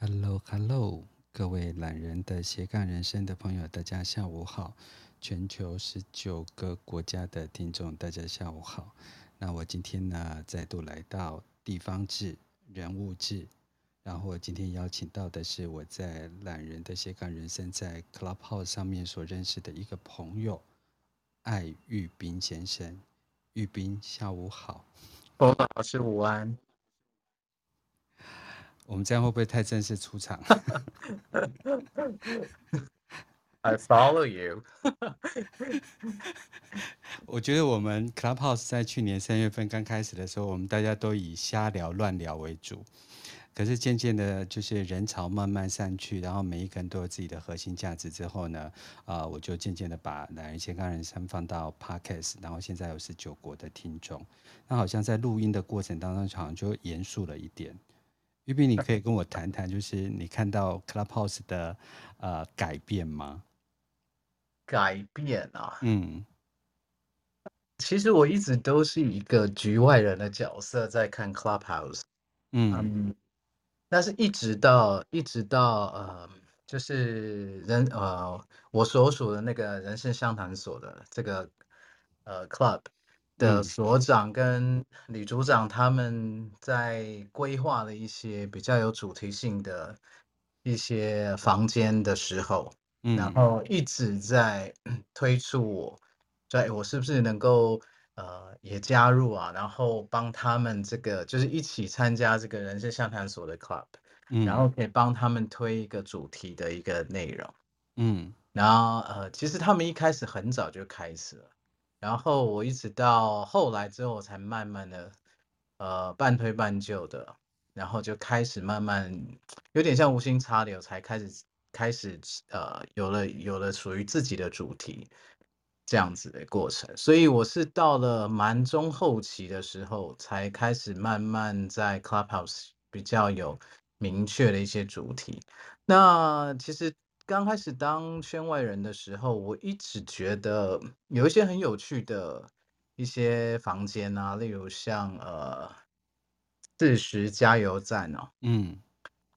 Hello，Hello，hello. 各位懶人的斜槓人生的朋友，大家下午好。全球十九個國家的聽眾，大家下午好。那我今天呢，再度來到地方志、人物志，然後我今天邀請到的是我在懶人的斜槓人生在 Clubhouse 上面所認識的一個朋友，艾玉斌先生，玉斌下午好。Bono 老師午安。我們這樣會不會太正式出場 ？I follow you。我覺得我們 Clubhouse 在去年三月份剛開始的時候，我們大家都以瞎聊、亂聊為主。可是漸漸的，就是人潮慢慢散去，然後每一個人都有自己的核心價值之後呢，啊、呃，我就漸漸的把“男人健康人生”放到 podcast，然後現在有十九國的聽眾。那好像在錄音的過程當中，好像就嚴肅了一點。比比，你可以跟我談談，就是你看到 Clubhouse 的呃改變嗎？改變啊，嗯，其實我一直都是一個局外人的角色在看 Clubhouse，嗯，嗯，但是一直到一直到呃，就是人呃，我所屬的那個人生相談所的這個呃 Club。的所長跟李組長他們在規劃了一些比較有主題性的一些房間的時候，嗯，然後一直在推出我，在我是不是能夠呃也加入啊，然後幫他們這個就是一起參加這個人生向探索的 club，嗯，然後可以幫他們推一個主題的一個內容，嗯，然後呃其實他們一開始很早就開始了。然後我一直到後來之後，才慢慢的，呃，半推半就的，然後就開始慢慢有點像無心插柳，才開始開始呃，有了有了屬於自己的主題這樣子的過程。所以我是到了蠻中後期的時候，才開始慢慢在 Clubhouse 比較有明確的一些主題。那其實。剛開始當圈外人的時候，我一直覺得有一些很有趣的一些房間啊，例如像呃四十加油站哦、啊，嗯，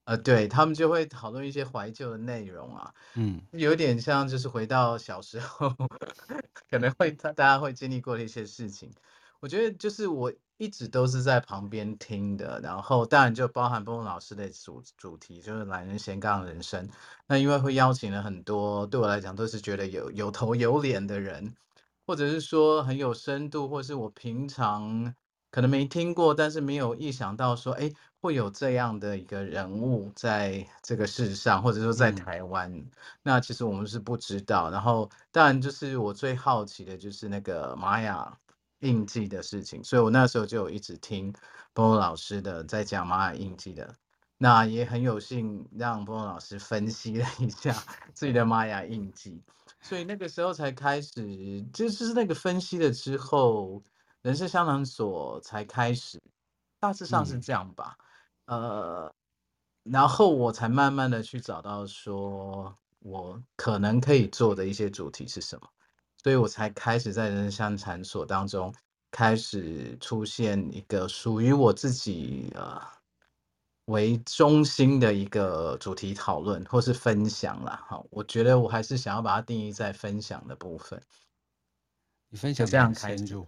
呃，對，他們就會討論一些懷舊的內容啊，嗯，有點像就是回到小時候，可能會大家會經歷過的一些事情。我覺得就是我。一直都是在旁邊聽的，然後當然就包含 Bono 老師的主主題，就是懶人斜槓人生。那因為會邀請了很多，對我來講都是覺得有有頭有臉的人，或者是說很有深度，或者是我平常可能沒聽過，但是沒有意想到說，哎、欸，會有這樣的一個人物在這個世上，或者說在台灣、嗯，那其實我們是不知道。然後當然就是我最好奇的就是那個馬雅印記的事情，所以我那時候就有一直聽 Bono 老師的在講瑪雅印記的，那也很有幸讓 Bono 老師分析了一下自己的瑪雅印記， 所以那個時候才開始，就是那個分析了之後，人生箱藏所才開始，大致上是這樣吧，嗯、呃，然後我才慢慢的去找到說，我可能可以做的一些主題是什麼。所以，我才開始在人生場所當中，開始出現一個屬於我自己啊、呃、為中心的一個主題討論，或是分享了哈。我覺得我還是想要把它定義在分享的部分。你分享這樣開心，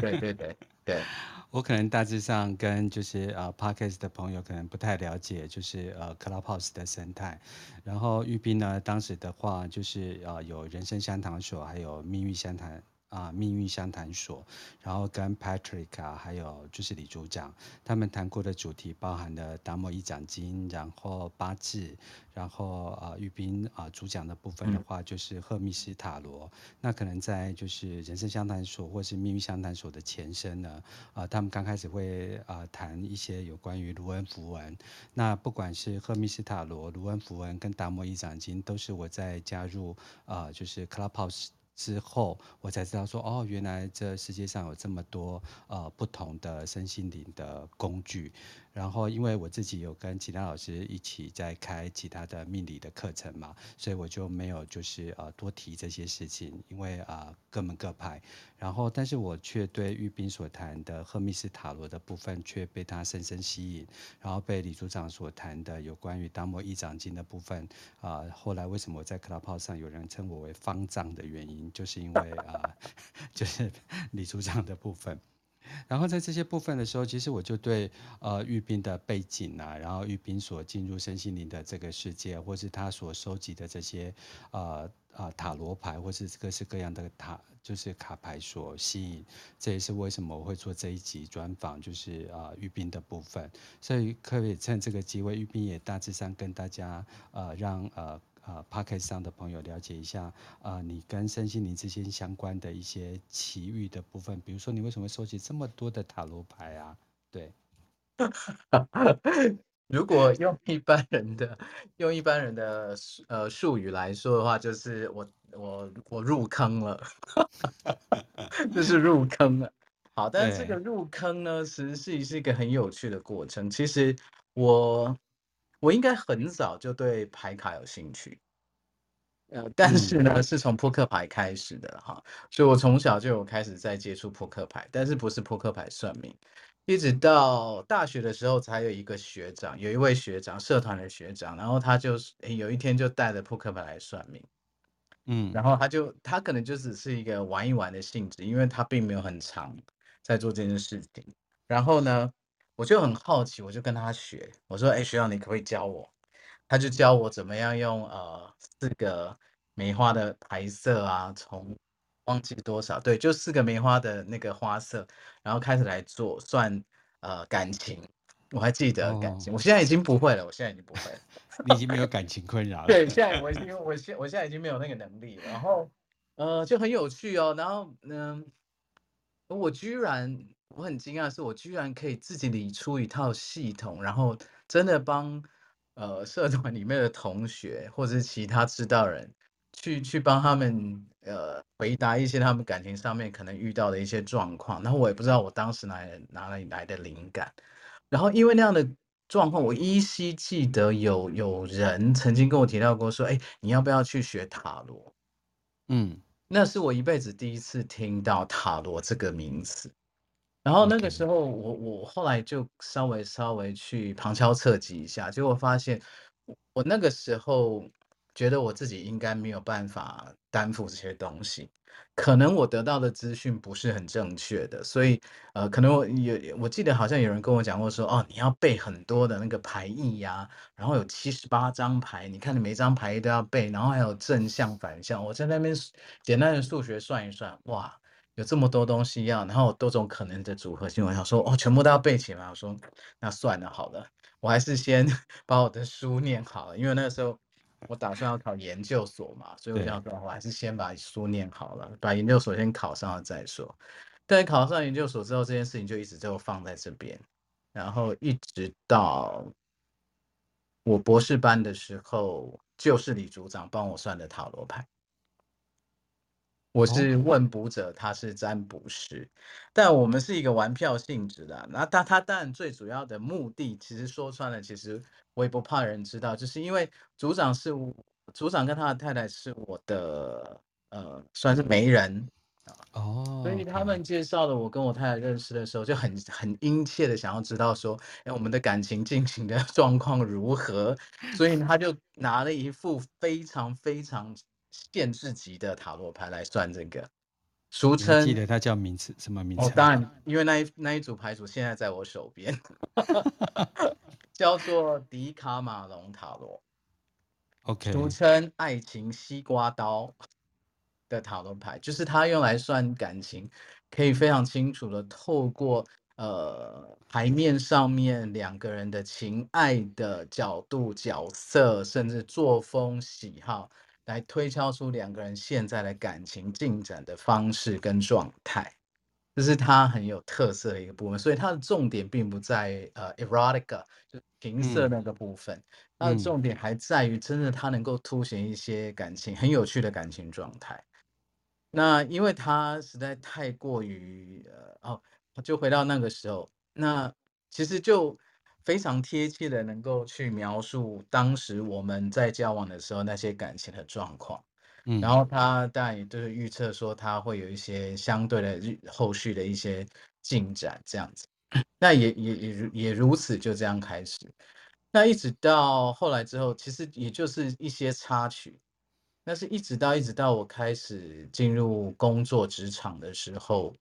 對 對對對。對我可能大致上跟就是呃，Podcast 的朋友可能不太了解，就是呃，Clubhouse 的生態。然後玉斌呢，當時的話就是呃，有人生相談所，還有命運相談。啊，命運相談所，然後跟 Patrick、啊、還有就是李主講他們談過的主題包含的達摩一掌經，然後八字，然後啊玉斌啊主講的部分的話就是赫密士塔羅，嗯、那可能在就是人生相談所或是命運相談所的前身呢，啊、呃、他們剛開始會啊、呃、談一些有關於盧恩符文，那不管是赫密士塔羅盧恩符文跟達摩一掌經都是我在加入啊、呃、就是 clubhouse 之後，我才知道說，哦，原來這世界上有這麼多呃不同的身心靈的工具。然後，因為我自己有跟其他老師一起在開其他的命理的課程嘛，所以我就沒有就是呃多提這些事情，因為啊、呃、各門各派。然後，但是我卻對玉斌所談的赫密斯塔羅的部分卻被他深深吸引。然後被李組長所談的有關於達摩一掌經的部分，啊、呃，後來為什麼我在克拉 e 上有人稱我為方丈的原因，就是因為啊、呃，就是李組長的部分。然後在這些部分的時候，其實我就對呃玉冰的背景啊，然後玉冰所進入身心靈的這個世界，或是他所收集的這些呃呃、啊、塔羅牌或是各式各樣的塔，就是卡牌所吸引，這也是為什麼我會做這一集專訪，就是呃玉冰的部分，所以可以趁這個機會，玉冰也大致上跟大家呃讓呃。讓呃啊 Podcast 上的朋友了解一下啊、呃，你跟身心靈之間相關的一些奇遇的部分，比如說你為什麼收集這麼多的塔羅牌啊？對， 如果用一般人的用一般人的呃術語來說的話，就是我我我入坑了，就 是入坑了。好，但是這個入坑呢，實際是一個很有趣的過程。其實我。我應該很早就對牌卡有興趣，呃，但是呢、嗯，是從撲克牌開始的、嗯、哈，所以我從小就有開始在接觸撲克牌，但是不是撲克牌算命，一直到大學的時候，才有一個學長，有一位學長，社團的學長，然後他就、哎、有一天就帶着撲克牌來算命，嗯，然後他就他可能就只是一個玩一玩的性質，因為他並沒有很常在做這件事情，然後呢。我就很好奇，我就跟他學。我說：“哎、欸，學長，你可不可以教我？”他就教我怎麼樣用呃四個梅花的牌色啊，從忘記多少對，就四個梅花的那個花色，然後開始來做算呃感情。我還記得、哦、感情，我現在已經不會了，我現在已經不會了， 你已經沒有感情困擾了。 對，現在我已經我現我現在已經沒有那個能力。然後呃，就很有趣哦。然後嗯、呃，我居然。我很驚訝，是我居然可以自己理出一套系統，然後真的幫呃社團裡面的同學或者是其他知道人去去幫他們呃回答一些他們感情上面可能遇到的一些狀況。然後我也不知道我當時哪裡哪裡來的靈感。然後因為那樣的狀況，我依稀記得有有人曾經跟我提到過說：“哎、欸，你要不要去學塔羅？”嗯，那是我一輩子第一次聽到塔羅這個名詞。然後那個時候我，我、okay. 我後來就稍微稍微去旁敲側擊一下，結果發現我那個時候覺得我自己應該沒有辦法擔負這些東西，可能我得到的資訊不是很正確的，所以呃，可能我有我記得好像有人跟我講過說，哦，你要背很多的那個牌意呀，啊，然後有七十八張牌，你看你每張牌都要背，然後還有正向反向，我在那邊簡單的數學算一算，哇！有這麼多東西要，然後多種可能的組合，就我想說，哦，全部都要背起來。我說，那算了，好了，我還是先把我的書念好了，因為那個時候我打算要考研究所嘛，所以我想說，我還是先把書念好了，把研究所先考上了再說。但考上研究所之後，這件事情就一直就放在這邊，然後一直到我博士班的時候，就是李組長幫我算的塔羅牌。我是問卜者，okay. 他是占卜師，但我們是一個玩票性質的。那他他當然最主要的目的，其實說穿了，其實我也不怕人知道，就是因為組長是我，組長跟他的太太是我的，呃，算是媒人哦。Oh, okay. 所以他們介紹了我跟我太太認識的時候，就很很殷切的想要知道說，欸，我們的感情進行的狀況如何？所以他就拿了一副非常非常。限制級的塔羅牌來算這個，俗稱記得它叫名字什麼名字、啊 oh？當然，因為那一那一組牌組現在在我手邊， 叫做迪卡馬龍塔羅，OK，俗稱愛情西瓜刀的塔羅牌，就是它用來算感情，可以非常清楚的透過呃牌面上面兩個人的情愛的角度、角色，甚至作風、喜好。來推敲出兩個人現在的感情進展的方式跟狀態，這是他很有特色的一個部分。所以他的重點並不在呃，erotica，就是情色的那個部分、嗯，他的重點還在於，真的他能夠凸顯一些感情、嗯、很有趣的感情狀態。那因為他實在太過於呃，哦，就回到那個時候，那其實就。非常貼切的，能夠去描述當時我們在交往的時候那些感情的狀況，嗯，然後他大概就是預測說他會有一些相對的日後續的一些進展這樣子，那也也也也如此，就這樣開始，那一直到後來之後，其實也就是一些插曲，但是一直到一直到我開始進入工作職場的時候。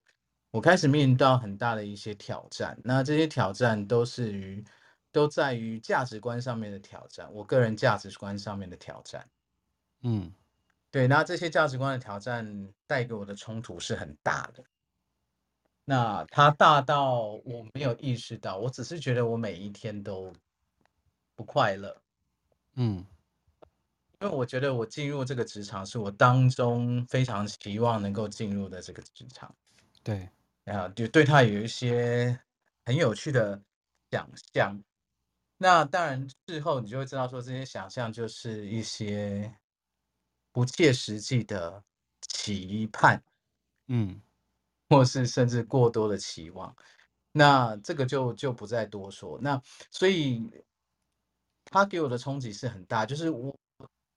我開始面臨到很大的一些挑戰，那這些挑戰都是於，都在於價值觀上面的挑戰，我個人價值觀上面的挑戰。嗯，對。那這些價值觀的挑戰帶給我的衝突是很大的，那它大到我沒有意識到，我只是覺得我每一天都不快樂。嗯，因為我覺得我進入這個職場是我當中非常希望能夠進入的這個職場。對。啊，就對他有一些很有趣的想象。那當然，事後你就會知道，說這些想象就是一些不切實際的期盼，嗯，或是甚至過多的期望。那這個就就不再多說。那所以，他給我的衝擊是很大，就是我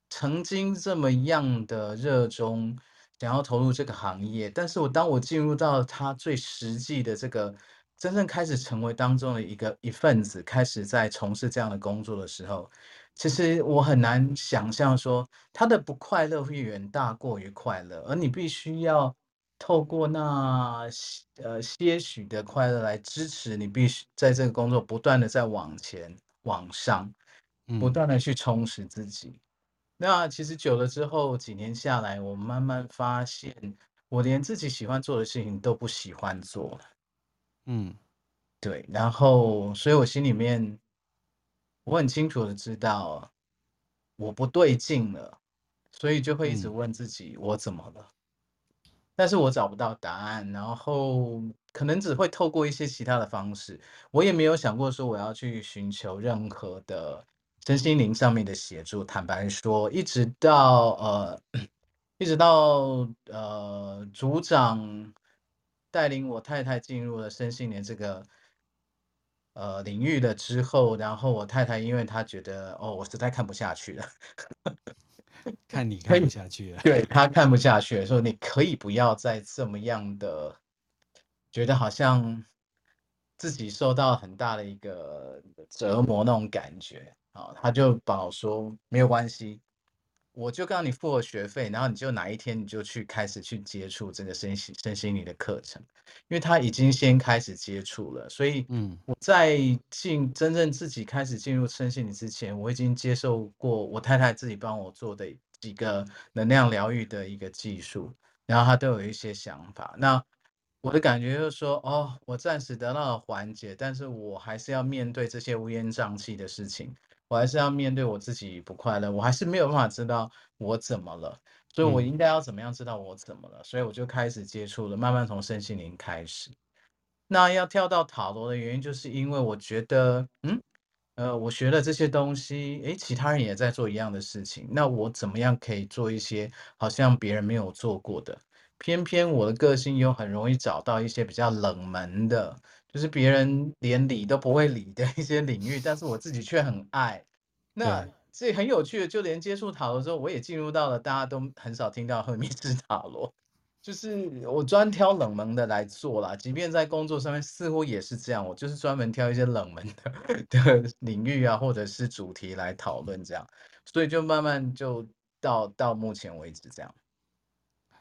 曾經這麼樣的熱衷。想要投入這個行業，但是我當我進入到他最實際的這個，真正開始成為當中的一個一份子，開始在從事這樣的工作的時候，其實我很難想象說他的不快樂會遠大過於快樂，而你必須要透過那些呃些許的快樂來支持你必須在這個工作不斷的在往前往上，不斷的去充實自己。嗯那其實久了之後，幾年下來，我慢慢發現，我連自己喜歡做的事情都不喜歡做。嗯，對。然後，所以我心裡面，我很清楚的知道，我不對勁了，所以就會一直問自己，我怎麼了？嗯。但是我找不到答案，然後可能只會透過一些其他的方式。我也沒有想過說我要去尋求任何的。身心靈上面的協助，坦白說，一直到呃，一直到呃，組長帶領我太太進入了身心靈這個呃領域的之後，然後我太太因為她覺得哦，我實在看不下去了， 看你看不下去了， 對她看不下去了，說你可以不要再這麼樣的，覺得好像自己受到很大的一個折磨那種感覺。哦、他就把我說，沒有關係，我就告訴你付我學費，然後你就哪一天你就去開始去接觸這個身心身心靈的課程，因為他已經先開始接觸了，所以嗯，我在進真正自己開始進入身心靈之前，我已經接受過我太太自己幫我做的幾個能量療癒的一個技術，然後他都有一些想法。那我的感覺就是說，哦，我暫時得到了緩解，但是我還是要面對這些烏煙瘴氣的事情。我還是要面對我自己不快樂，我還是沒有辦法知道我怎麼了，所以我應該要怎麼樣知道我怎麼了？嗯、所以我就開始接觸了，慢慢從身心靈開始。那要跳到塔羅的原因，就是因為我覺得，嗯，呃，我學了這些東西，誒，其他人也在做一樣的事情，那我怎麼樣可以做一些好像別人沒有做過的？偏偏我的個性又很容易找到一些比較冷門的。就是別人連理都不會理的一些領域，但是我自己卻很愛。那這很有趣的，就連接觸塔羅之後，我也進入到了大家都很少聽到赫密士塔羅，就是我專挑冷門的來做啦。即便在工作上面似乎也是這樣，我就是專門挑一些冷門的的領域啊，或者是主題來討論這樣，所以就慢慢就到到目前為止這樣。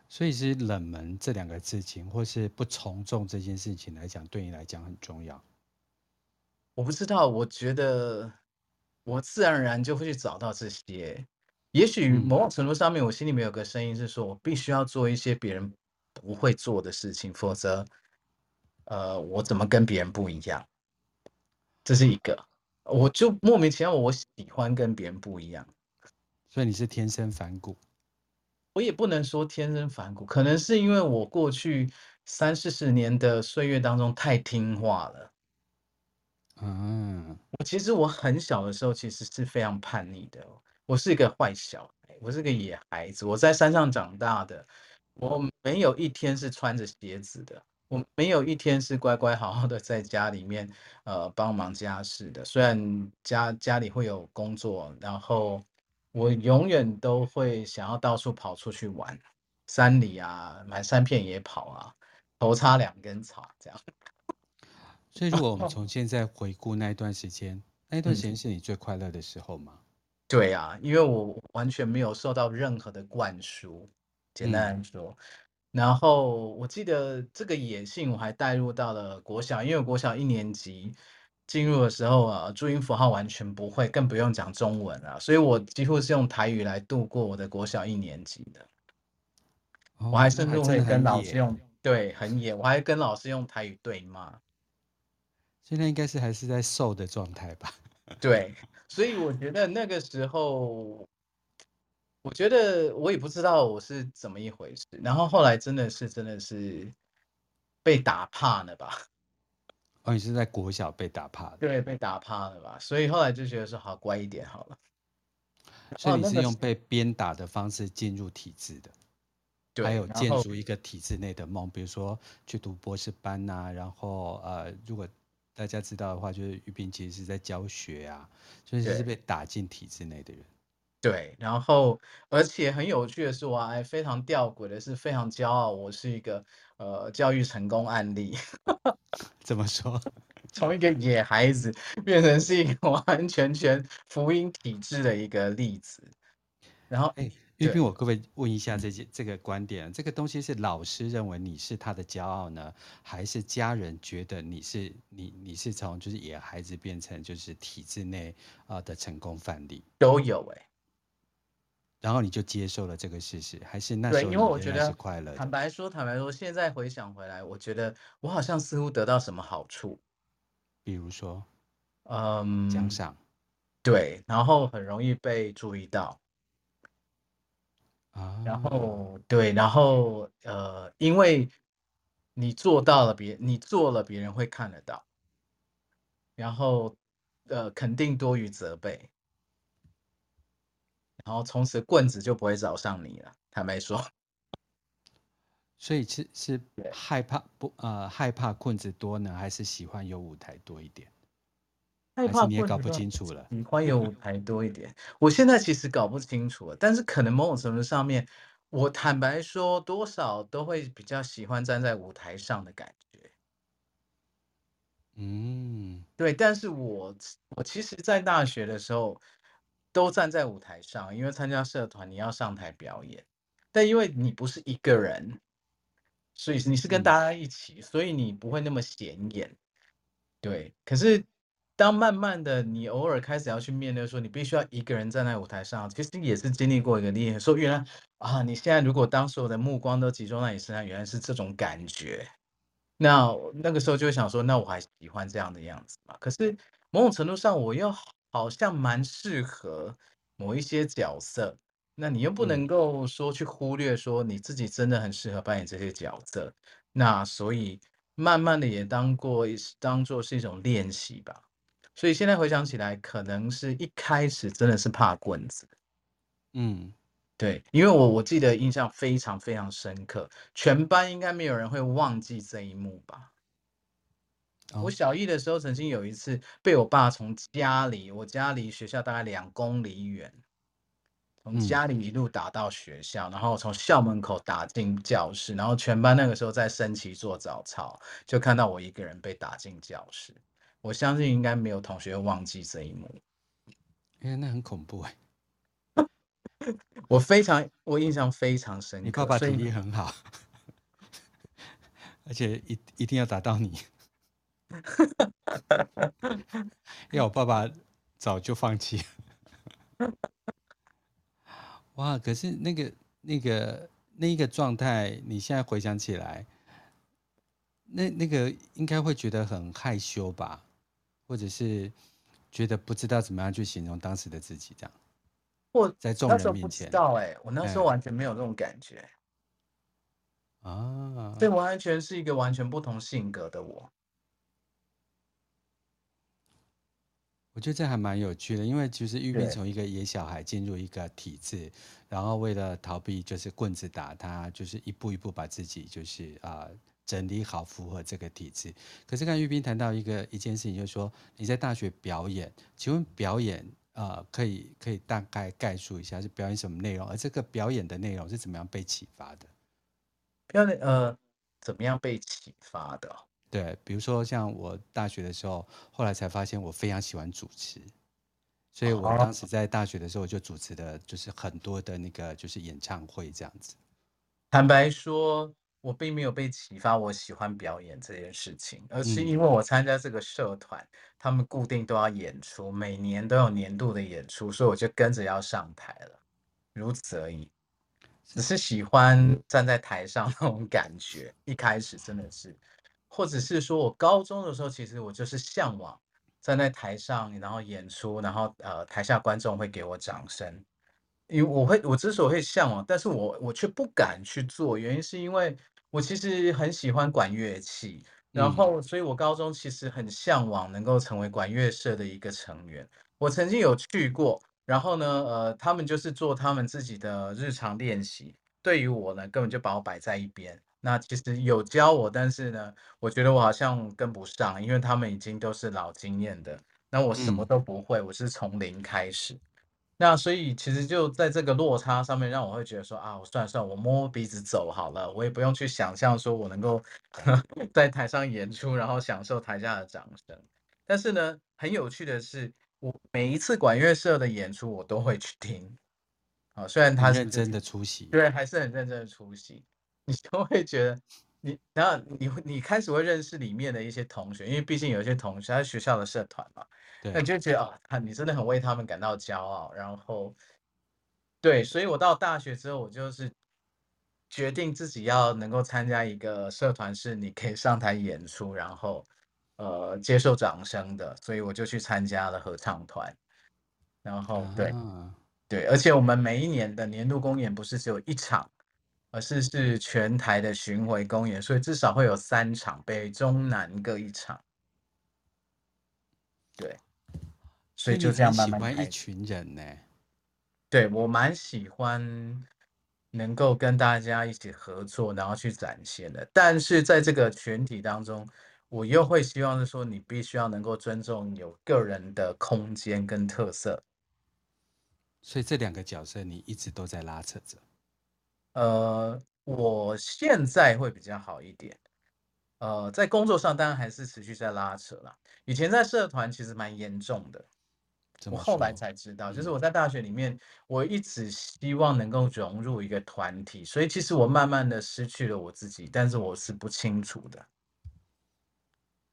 所以是冷門這兩個事情，或是不從眾這件事情來講，對你來講很重要。我不知道，我覺得我自然而然就會去找到這些。也許某種程度上面，我心裡面有個聲音是說，我必須要做一些別人不會做的事情，否則，呃，我怎麼跟別人不一樣？這是一個，我就莫名其妙，我喜歡跟別人不一樣。所以你是天生反骨。我也不能說天生反骨，可能是因為我過去三四十年的歲月當中太聽話了。嗯，我其實我很小的時候其實是非常叛逆的，我是一個壞小孩，我是個野孩子，我在山上長大的，我沒有一天是穿着鞋子的，我沒有一天是乖乖好好的在家裡面呃幫忙家事的，雖然家家裡會有工作，然後。我永遠都會想要到處跑出去玩，山裡啊，滿山遍野跑啊，頭插兩根草這樣。所以，如果我們從現在回顧那一段時間， 那一段時間是你最快樂的時候嗎？嗯？對啊，因為我完全沒有受到任何的灌輸，簡單來說，嗯。然後我記得這個野性我還帶入到了國小，因為國小一年級。進入的時候啊，注音符號完全不會，更不用講中文了、啊。所以我幾乎是用台語來度過我的國小一年級的。哦、那還真的很野。我還甚至會跟老師用對，很野。我還跟老師用台語對罵。現在應該是還是在瘦的狀態吧？對，所以我覺得那個時候，我覺得我也不知道我是怎麼一回事。然後後來真的是真的是被打怕了吧？哦、你是在國小被打怕的，對，被打怕了吧，所以後來就覺得說好乖一點好了。所以你是用被鞭打的方式進入體制的，哦那個、還有建築一個體制內的夢，比如說去讀博士班吶、啊，然後呃，如果大家知道的話，就是玉斌其實是在教學啊，所以、就是被打進體制內的人。對，然後而且很有趣的是，我還非常吊詭的是，非常驕傲，我是一個。呃，教育成功案例 怎麼說？從一個野孩子變成是一個完完全全福音體制的一個例子。然後，哎、欸，玉斌，我各位問一下，這些這個觀點，這個東西是老師認為你是他的驕傲呢，還是家人覺得你是你你是從就是野孩子變成就是體制內啊的成功範例？都有哎、欸。然後你就接受了這個事實，還是那時候？對，因為我覺得快樂。坦白說，坦白說，現在回想回來，我覺得我好像似乎得到什麼好處，比如說，嗯，獎賞，對，然後很容易被注意到，啊、哦，然後對，然後呃，因為你做到了別，別你做了，別人會看得到，然後呃，肯定多於責備。然後從此棍子就不會找上你了。坦白說，所以是是害怕不呃害怕棍子多呢，還是喜歡有舞台多一點？害怕是你也搞不清楚了。喜歡有舞台多一點。 我現在其實搞不清楚了，但是可能某種程度上面，我坦白說，多少都會比較喜歡站在舞台上的感覺。嗯，對。但是我我其實在大學的時候，都站在舞台上，因為參加社團你要上台表演，但因為你不是一個人，所以你是跟大家一起，所以你不會那麼顯眼。嗯，對。可是當慢慢的你偶爾開始要去面對說，你必須要一個人站在舞台上，其實也是經歷過一個歷練，說原來啊，你現在如果當時我的目光都集中在你身上，原來是這種感覺。那那個時候就會想說，那我還喜歡這樣的樣子嘛？可是某種程度上，我又。好像蠻適合某一些角色，那你又不能夠說去忽略說你自己真的很適合扮演這些角色，嗯、那所以慢慢的也當過當做是一種練習吧。所以現在回想起來，可能是一開始真的是怕棍子，嗯，對，因為我我記得印象非常非常深刻，全班應該沒有人會忘記這一幕吧。我小一的時候，曾經有一次被我爸從家裡，我家離學校大概兩公里遠，從家裡一路打到學校，然後從校門口打進教室，然後全班那個時候在升旗做早操，就看到我一個人被打進教室。我相信應該沒有同學會忘記這一幕。哎，那很恐怖哎、欸！ 我非常，我印象非常深刻。你爸爸體力很好，而且一一定要打到你。哈哈哈！哈哈，因為我爸爸早就放棄了。哈哈！哇，可是那個、那個、那一個狀態，你現在回想起來，那那個應該會覺得很害羞吧？或者是覺得不知道怎麼樣去形容當時的自己？這樣？我在眾人面前？不知道哎、欸，我那時候完全沒有那種感覺。哎、啊，這完全是一個完全不同性格的我。我覺得這還蠻有趣的，因為其實玉斌從一個野小孩進入一個體制，然後為了逃避就是棍子打他，就是一步一步把自己就是啊、呃、整理好，符合這個體制。可是剛玉斌談到一個一件事情，就是說你在大學表演，請問表演呃可以可以大概概述一下是表演什麼內容？而這個表演的內容是怎麼樣被啟發的？表演呃，怎麼樣被啟發的？對，比如說像我大學的時候，後來才發現我非常喜歡主持，所以我當時在大學的時候，我就主持的，就是很多的那個就是演唱會這樣子。坦白說，我並沒有被啟發我喜歡表演這件事情，而是因為我參加這個社團，嗯，他們固定都要演出，每年都有年度的演出，所以我就跟着要上台了，如此而已。只是喜歡站在台上那種感覺，一開始真的是。或者是說，我高中的時候，其實我就是嚮往站在台上，然後演出，然後呃，台下觀眾會給我掌聲。因為我會，我之所以會嚮往，但是我我卻不敢去做，原因是因為我其實很喜歡管樂器，嗯、然後，所以我高中其實很嚮往能夠成為管樂社的一個成員。我曾經有去過，然後呢，呃，他們就是做他們自己的日常練習，對於我呢，根本就把我擺在一邊。那其實有教我，但是呢，我覺得我好像跟不上，因為他們已經都是老經驗的。那我什麼都不會，嗯、我是從零開始。那所以其實就在這個落差上面，讓我會覺得說啊，我算了算了，我摸鼻子走好了，我也不用去想象說我能夠、嗯、 在台上演出，然後享受台下的掌聲。但是呢，很有趣的是，我每一次管樂社的演出，我都會去聽。啊，雖然他是認真的出席，對，還是很認真的出席。你就會覺得你，然後你你開始會認識裡面的一些同學，因為畢竟有一些同學他是學校的社團嘛，對，你就覺得啊，你真的很為他們感到驕傲。然後，對，所以我到大學之後，我就是決定自己要能夠參加一個社團，是你可以上台演出，然後呃接受掌聲的。所以我就去參加了合唱團。然後，對，Uh-huh. 對，而且我們每一年的年度公演不是只有一場。而是是全台的巡回公演，所以至少會有三場，北中南各一場。對，所以就這樣慢慢開始。喜歡一群人呢。對我蠻喜歡能夠跟大家一起合作，然後去展現的。但是在這個群體當中，我又會希望是說，你必須要能夠尊重有個人的空間跟特色。所以這兩個角色，你一直都在拉扯着。呃，我現在會比較好一點。呃，在工作上當然還是持續在拉扯了。以前在社團其實蠻嚴重的，我後來才知道，就是我在大學裡面，嗯，我一直希望能夠融入一個團體，所以其實我慢慢的失去了我自己，但是我是不清楚的。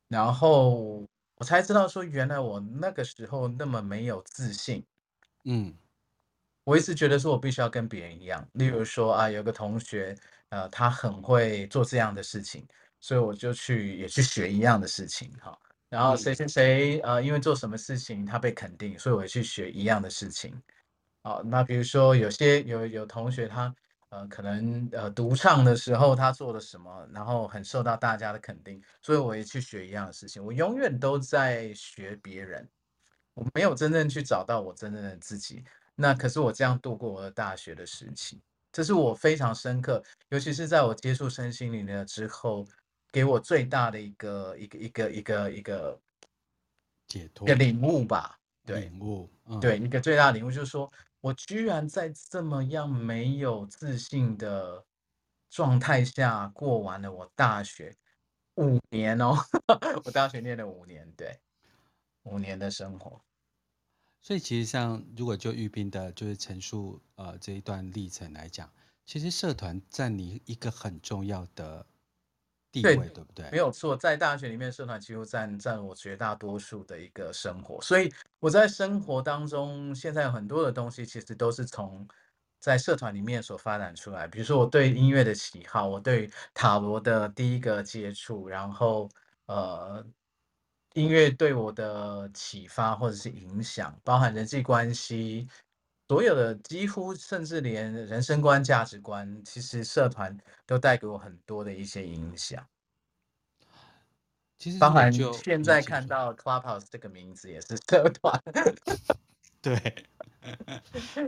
然後我才知道說，原來我那個時候那麼沒有自信。嗯。我一直覺得說，我必須要跟別人一樣。例如說啊，有個同學，呃，他很會做這樣的事情，所以我就去也去學一樣的事情，哈，然後誰誰誰，呃，因為做什麼事情他被肯定，所以我也去學一樣的事情。好，那比如說有些有有同學他，呃，可能呃獨唱的時候他做了什麼，然後很受到大家的肯定，所以我也去學一樣的事情。我永遠都在學別人，我沒有真正去找到我真正的自己。那可是我這樣度過我的大學的時期，這是我非常深刻，尤其是在我接觸身心靈了之後，給我最大的一個一個一個一個一個解脫的領悟吧。對，領悟，嗯、對一個最大的領悟就是說，我居然在這麼樣沒有自信的狀態下過完了我大學五年哦， 我大學念了五年，對，五年的生活。所以其實像如果就玉斌的，就是陳述，呃，這一段歷程來講，其實社團占你一個很重要的地位，對，對不對？沒有錯，在大學裡面，社團幾乎占占我絕大多數的一個生活。所以我在生活當中，現在很多的東西其實都是從在社團裡面所發展出來，比如說我對音樂的喜好，我對塔羅的第一個接觸，然後呃。音樂對我的啟發或者是影響，包含人際關係，所有的幾乎，甚至連人生觀、價值觀，其實社團都帶給我很多的一些影響。其實，包含就現在看到 Clubhouse 這個名字也是社團。 對，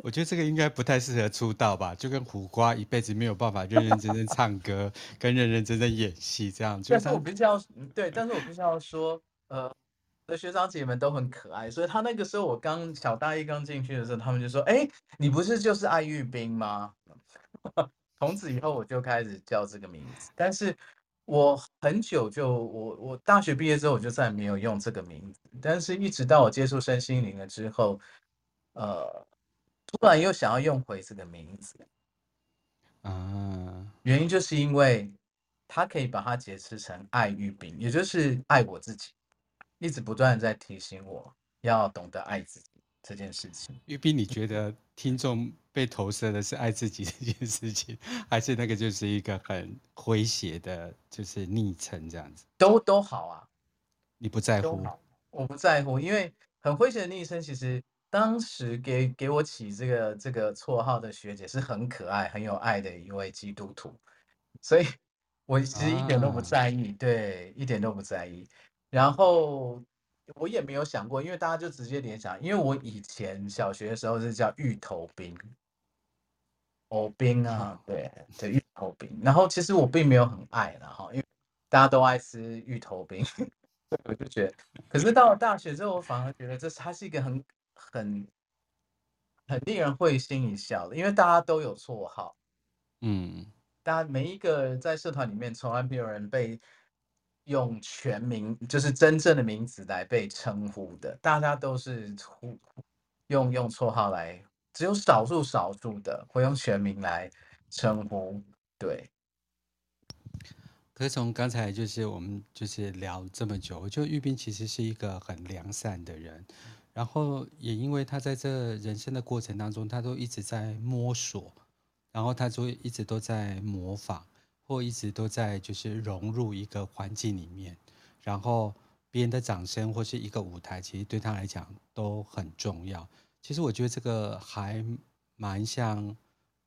我覺得這個應該不太適合出道吧，就跟胡瓜一輩子沒有辦法認認真真唱歌， 跟認認真真演戲這樣。但是我必須要 對，但是我必須要說。呃，那學長姐們都很可愛，所以他那個時候我剛小大一剛進去的時候，他們就說：“哎，你不是就是愛玉冰嗎？” 從此以後我就開始叫這個名字。但是，我很久就我我大學畢業之後我就再也沒有用這個名字。但是一直到我接觸身心靈了之後，呃，突然又想要用回這個名字。原因就是因為他可以把它解釋成愛玉冰，也就是愛我自己。一直不斷地在提醒我要懂得愛自己這件事情。玉斌，你覺得聽眾被投射的是愛自己這件事情， 還是那個就是一個很詼諧的，就是昵稱這樣子？都都好啊，你不在乎，我不在乎，因為很詼諧的昵稱，其實當時給給我起這個這個綽號的學姐是很可愛、很有愛的一位基督徒，所以我其實一點都不在意，啊、對，一點都不在意。然後我也沒有想過，因為大家就直接聯想，因為我以前小學的時候是叫芋頭冰、藕冰啊，對對，芋頭冰，然後其實我並沒有很愛了哈，因為大家都愛吃芋頭冰，我就覺得。可是到了大學之後，我反而覺得這是它是一個很很很令人會心一笑的，因為大家都有綽號，嗯，大家每一個在社團裡面，從來沒有人被。用全名就是真正的名字來被稱呼的，大家都是呼用用綽號來，只有少數少數的會用全名來稱呼。對。可是從剛才就是我們就是聊這麼久，就玉斌其實是一個很良善的人，然後也因為他在這人生的過程當中，他都一直在摸索，然後他就一直都在模仿。或一直都在就是融入一個環境裡面，然後別人的掌聲或是一個舞台，其實對他來講都很重要。其實我覺得這個還蠻像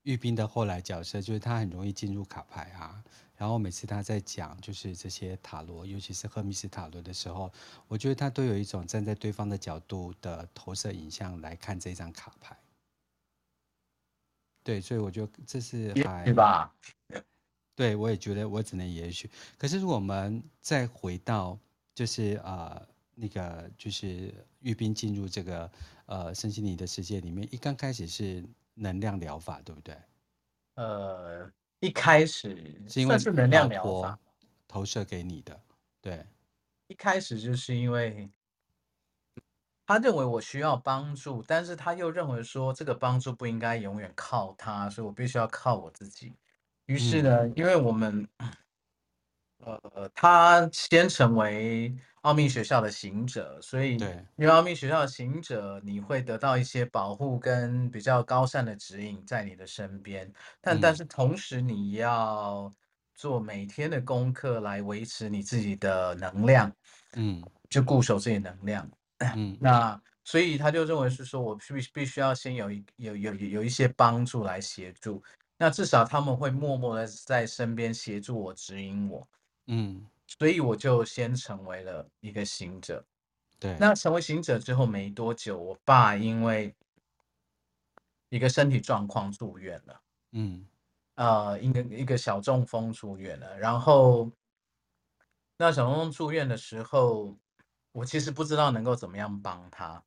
玉斌的後來角色，就是他很容易進入卡牌啊。然後每次他在講就是這些塔羅，尤其是赫密士塔羅的時候，我覺得他都有一種站在對方的角度的投射影像來看這張卡牌。對，所以我覺得這是還對吧？對，我也覺得我只能也許。可是如果我們再回到，就是呃，那個就是 Yupin 進入這個呃身心靈的世界裡面，一剛開始是能量療法，對不對？呃，一開始是因為算是能量療法，投射給你的。對，一開始就是因為他認為我需要幫助，但是他又認為說這個幫助不應該永遠靠他，所以我必須要靠我自己。於是呢、嗯，因為我們，呃，他先成為奧秘學校的行者，所以，因為奧秘學校的行者，你會得到一些保護跟比較高尚的指引在你的身邊，但、嗯、但是同時你要做每天的功課來維持你自己的能量，嗯，就固守自己的能量，嗯， 那所以他就認為是說，我必必須要先有一有有有一些幫助來協助。那至少他們會默默的在身邊協助我、指引我，嗯，所以我就先成為了一個行者。對，那成為行者之後沒多久，我爸因為一個身體狀況住院了，嗯，呃，一個一個小中風住院了。然後，那小中風住院的時候，我其實不知道能夠怎麼樣幫他，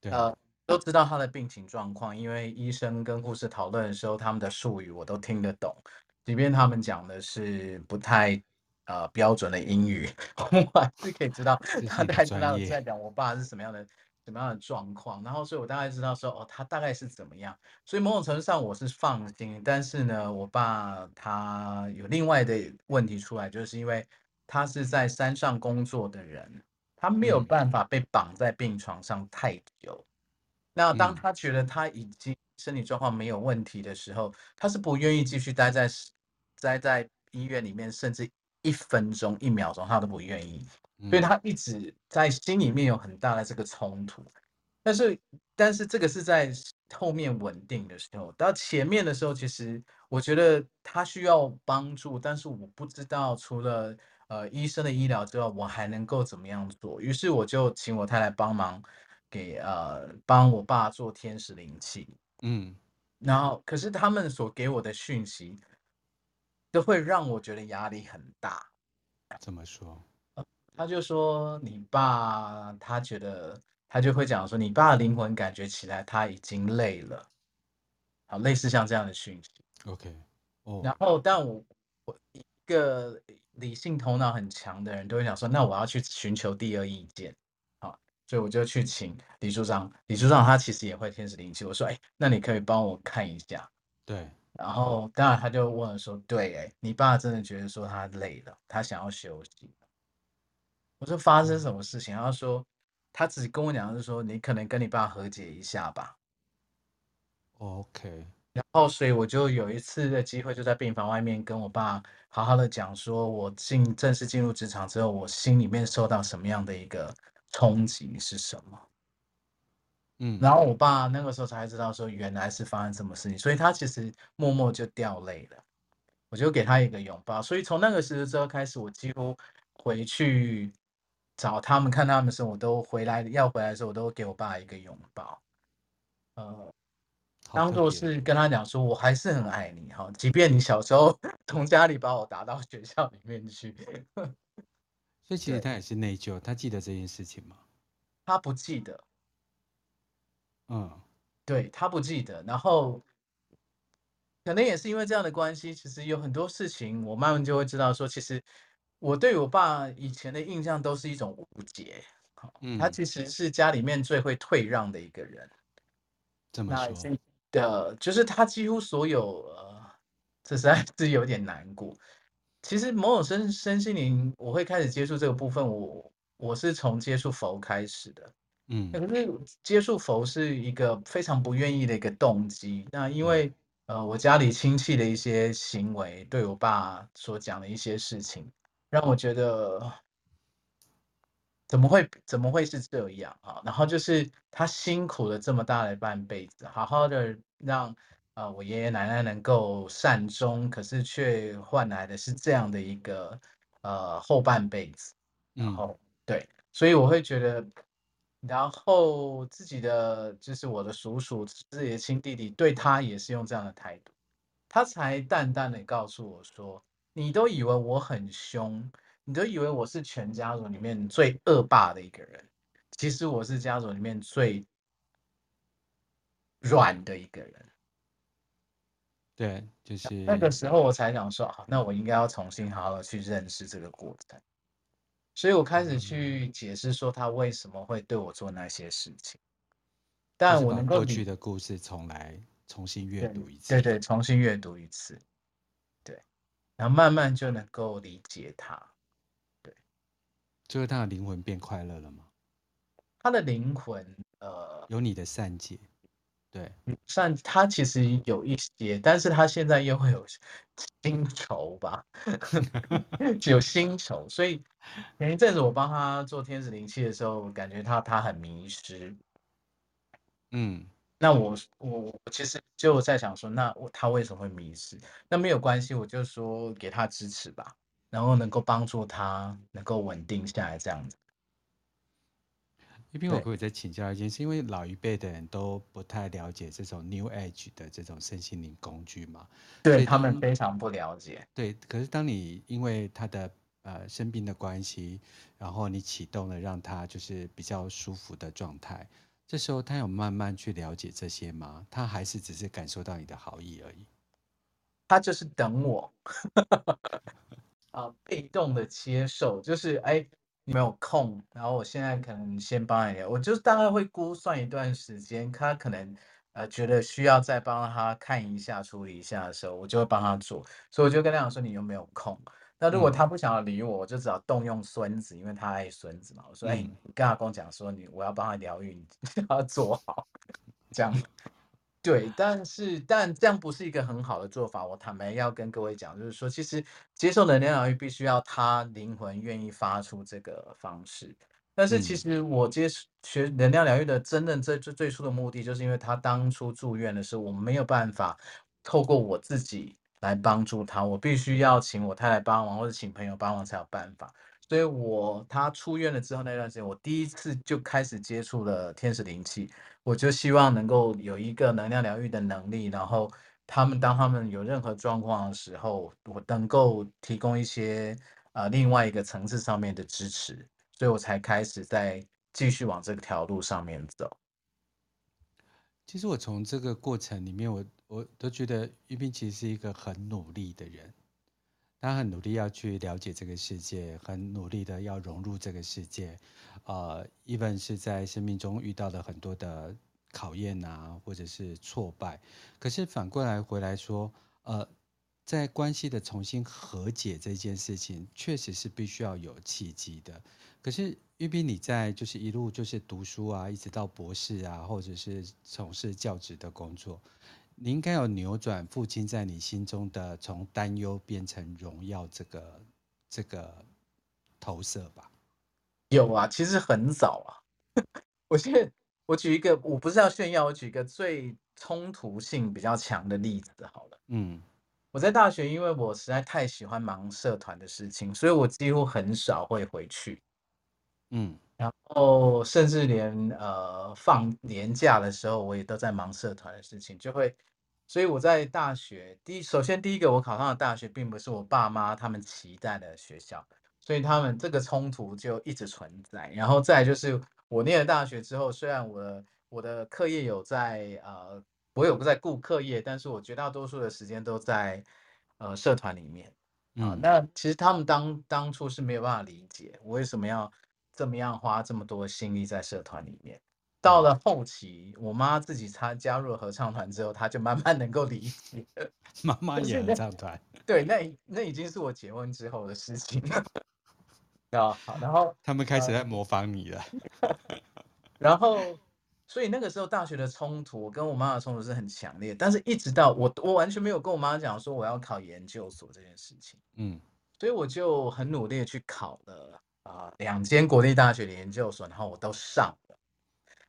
對啊。呃都知道他的病情狀況，因為醫生跟護士討論的時候，他們的術語我都聽得懂，即便他們講的是不太呃標準的英語，我還是可以知道他大概知道在講我爸是什麼樣的什麼樣的狀況。然後，所以我大概知道說哦，他大概是怎麼樣。所以某種程度上我是放心，但是呢，我爸他有另外的問題出來，就是因為他是在山上工作的人，他沒有辦法被綁在病床上太久。嗯那當他覺得他已經身體狀況沒有問題的時候，嗯、他是不願意繼續待在待在醫院裡面，甚至一分鐘一秒鐘他都不願意、嗯。所以他一直在心裡面有很大的這個衝突。但是，但是這個是在後面穩定的時候，到前面的時候，其實我覺得他需要幫助，但是我不知道除了呃醫生的醫療之外，我還能夠怎麼樣做。於是我就請我太太幫忙。給呃，幫我爸做天使靈氣，嗯，然後可是他們所給我的訊息，都會讓我覺得壓力很大。怎麼說、呃？他就說你爸，他覺得他就會講說你爸的靈魂感覺起來他已經累了，好類似像這樣的訊息。OK，哦、oh。然後但我我一個理性頭腦很強的人都會想說、嗯，那我要去尋求第二意見。所以我就去請李組長，李組長他其實也會天使靈氣，我說：“哎、欸，那你可以幫我看一下。”對。然後當然他就問了說：“對、欸，哎，你爸真的覺得說他累了，他想要休息。”我說：“發生什麼事情？”嗯、他說：“他只跟我講，就是說你可能跟你爸和解一下吧。”OK。然後所以我就有一次的機會，就在病房外面跟我爸好好的講，說我進正式進入職場之後，我心裡面受到什麼樣的一個。憧憬是什麼？嗯，然後我爸那個時候才知道說原來是發生什麼事情，所以他其實默默就掉淚了。我就給他一個擁抱。所以從那個時候之後開始，我幾乎回去找他們看他們的時候，我都回來要回來的時候，我都給我爸一個擁抱，呃，當作是跟他講說，我還是很愛你哈，即便你小時候從家裡把我打到學校裡面去。 所以其實他也是內疚，他記得這件事情嗎？他不記得。嗯，對，他不記得，然後可能也是因為這樣的關係，其實有很多事情，我慢慢就會知道說，其實我對我爸以前的印象都是一種誤解。嗯、哦，他其實是家裡面最會退讓的一個人。怎麼說？就是他幾乎所有……呃，這實在是有點難過。其實某種身身心靈，我會開始接觸這個部分。我我是從接觸佛開始的，嗯，可是接觸佛是一個非常不願意的一個動機。那因為、嗯、呃，我家裡親戚的一些行為，對我爸所講的一些事情，讓我覺得怎麼會怎麼會是這樣啊？然後就是他辛苦了這麼大的半輩子，好好的讓。啊、呃！我爺爺奶奶能夠善終，可是卻換來的是這樣的一個呃後半輩子。然後對，所以我會覺得，然後自己的就是我的叔叔，自己的親弟弟對他也是用這樣的態度。他才淡淡的告訴我說：“你都以為我很兇，你都以為我是全家族裡面最惡霸的一個人，其實我是家族裡面最軟的一個人。”對，就是那個時候我才想說，好，那我應該要重新好好去認識這個過程，所以我開始去解釋說他為什麼會對我做那些事情，但我能夠過去的故事，重來重新閱讀一次，對對，重新閱讀一次，對，然後慢慢就能夠理解他，對，就是他的靈魂變快樂了嗎？他的靈魂，呃，有你的善解。對，算他其實有一些，但是他現在又會有薪酬吧， 有薪酬，所以前一陣子我幫他做天使靈氣的時候，感覺他他很迷失。嗯，那我我，我其實就在想說，那他為什麼會迷失？那沒有關係，我就說給他支持吧，然後能夠幫助他能夠穩定下來這樣子。因為我可以再請教一件事，是因為老一輩的人都不太了解這種 New Age 的這種身心靈工具嘛？對他們非常不了解。對，可是當你因為他的呃生病的關係，然後你啟動了讓他就是比較舒服的狀態，這時候他有慢慢去了解這些嗎？他還是只是感受到你的好意而已？他就是等我，啊、呃，被動的接受，就是哎。沒有空，然後我現在可能先幫他聊，我就大概會估算一段時間，他可能呃覺得需要再幫他看一下、處理一下的時候，我就會幫他做。所以我就跟他講說：“你又沒有空。”那如果他不想要理我，我就只好動用孫子，因為他愛孫子嘛。我說：“嗯欸、你跟阿公講說，你我要幫他療癒，你要做好這樣。 ”對，但是但這樣不是一個很好的做法。我坦白要跟各位講，就是說，其實接受能量療癒必須要他靈魂願意發出這個方式。但是其實我接學能量療癒的真正最最、嗯、最初的目的，就是因為他當初住院的時候，我沒有辦法透過我自己來幫助他，我必須要請我太太幫忙或者請朋友幫忙才有辦法。所以我他出院了之後那段時間，我第一次就開始接觸了天使靈氣，我就希望能夠有一個能量療癒的能力，然後他們當他們有任何狀況的時候，我能夠提供一些呃另外一個層次上面的支持，所以我才開始再繼續往這條路上面走。其實我從這個過程裡面，我我都覺得玉斌其實是一個很努力的人。他很努力要去了解這個世界，很努力的要融入這個世界，呃，一份是在生命中遇到了很多的考驗啊，或者是挫敗。可是反過來回來說，呃，在關係的重新和解這件事情，確實是必須要有契機的。可是玉斌，你在就是一路就是讀書啊，一直到博士啊，或者是從事教職的工作。你應該有扭轉父親在你心中的，從擔憂變成榮耀這個這個投射吧？有啊，其實很早啊。 我現在我舉一個，我不是要炫耀，我舉一個最衝突性比較強的例子好了。嗯，我在大學，因為我實在太喜歡忙社團的事情，所以我幾乎很少會回去。嗯。然後，甚至連呃，放年假的時候，我也都在忙社團的事情，就會。所以我在大學第一，首先第一個我考上的大學，並不是我爸媽他們期待的學校，所以他們這個衝突就一直存在。然後再就是我念了大學之後，雖然我的我的課業有在呃，我有在顧課業，但是我絕大多數的時間都在呃社團裡面嗯、呃，那其實他們當當初是沒有辦法理解我為什麼要。怎麼樣花這麼多的心力在社團裡面？到了後期，我媽自己她加入了合唱團之後，她就慢慢能夠理解。媽媽演唱團、就是，對，那那已經是我結婚之後的事情了。 哦、好、然後他們開始在模仿你了、啊。然後，所以那個時候大學的衝突，我跟我媽的衝突是很強烈，但是一直到我我完全沒有跟我媽講說我要考研究所這件事情。嗯，所以我就很努力去考了。啊，兩間國立大學的研究所，然後我都上了，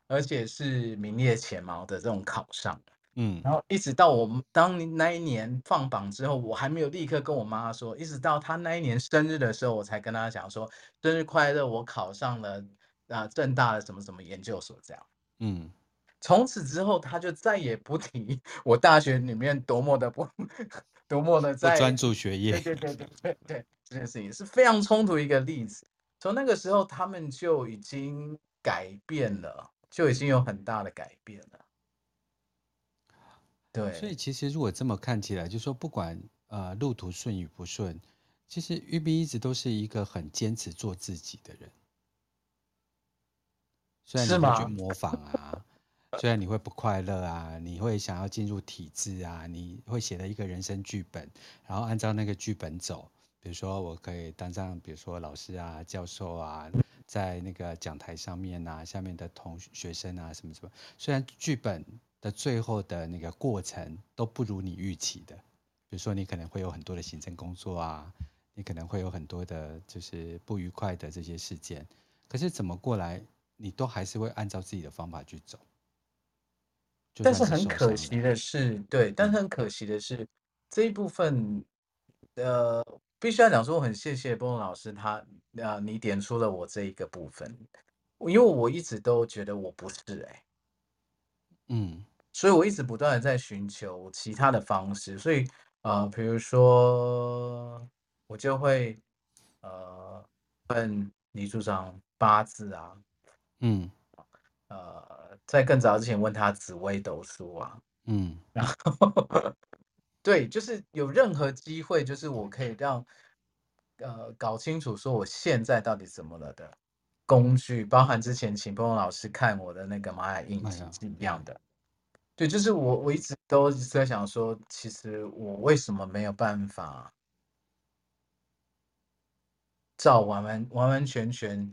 而且是名列前茅的這種考上，嗯，然後一直到我當年那一年放榜之後，我還沒有立刻跟我媽說，一直到她那一年生日的時候，我才跟她講說生日快樂，我考上了啊政、呃、大的什麼什麼研究所這樣，嗯，從此之後她就再也不提我大學裡面多麼的不多麼的在專注學業，對對對對對對，這件事情是非常衝突一個例子。從那個時候，他們就已經改變了，就已經有很大的改變了。對，所以其實如果這麼看起來，就說不管呃路途順與不順，其實玉斌一直都是一個很堅持做自己的人。雖然你會去模仿啊，是嗎？ 雖然你會不快樂啊，你會想要進入體制啊，你會寫了一個人生劇本，然後按照那個劇本走。比如說，我可以當上，比如說老師啊、教授啊，在那個講台上面啊，下面的同學生啊，什麼什麼。雖然劇本的最後的那個過程都不如你預期的，比如說你可能會有很多的行政工作啊，你可能會有很多的就是不愉快的這些事件，可是怎麼過來，你都還是會按照自己的方法去走。是，但是很可惜的是，對，但是很可惜的是這一部分的。必須要講說，我很謝謝 Bono 老師他，他、呃、你點出了我這一個部分，因為我一直都覺得我不是、欸、嗯，所以我一直不斷的在尋求其他的方式，所以呃，比如說我就會呃問李主長八字啊，嗯，呃，在更早之前問他紫微斗數啊，嗯，然後。 對，就是有任何機會，就是我可以讓呃搞清楚說我現在到底怎麼了的工具，包含之前請 Bono 老師看我的那個馬雅印記、哎、樣的。對，就是我我一直都在想說，其實我為什麼沒有辦法，照完完完完全全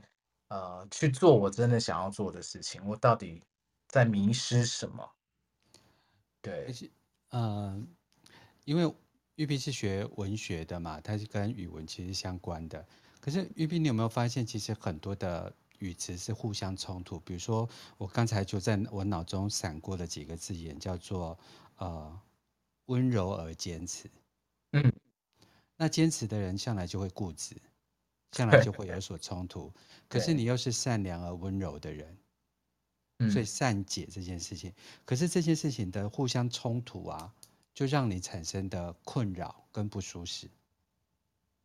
呃去做我真的想要做的事情，我到底在迷失什麼？對，嗯。呃因為玉璧是學文學的嘛，它是跟語文其實相關的。可是玉璧，你有沒有發現，其實很多的語詞是互相衝突？比如說，我剛才就在我腦中閃過的幾個字眼，叫做呃溫柔而堅持。嗯，那堅持的人向來就會固執，向來就會有所衝突。 可是你又是善良而溫柔的人，嗯，所以善解這件事情。可是這件事情的互相衝突啊。就讓你產生的困擾跟不舒適，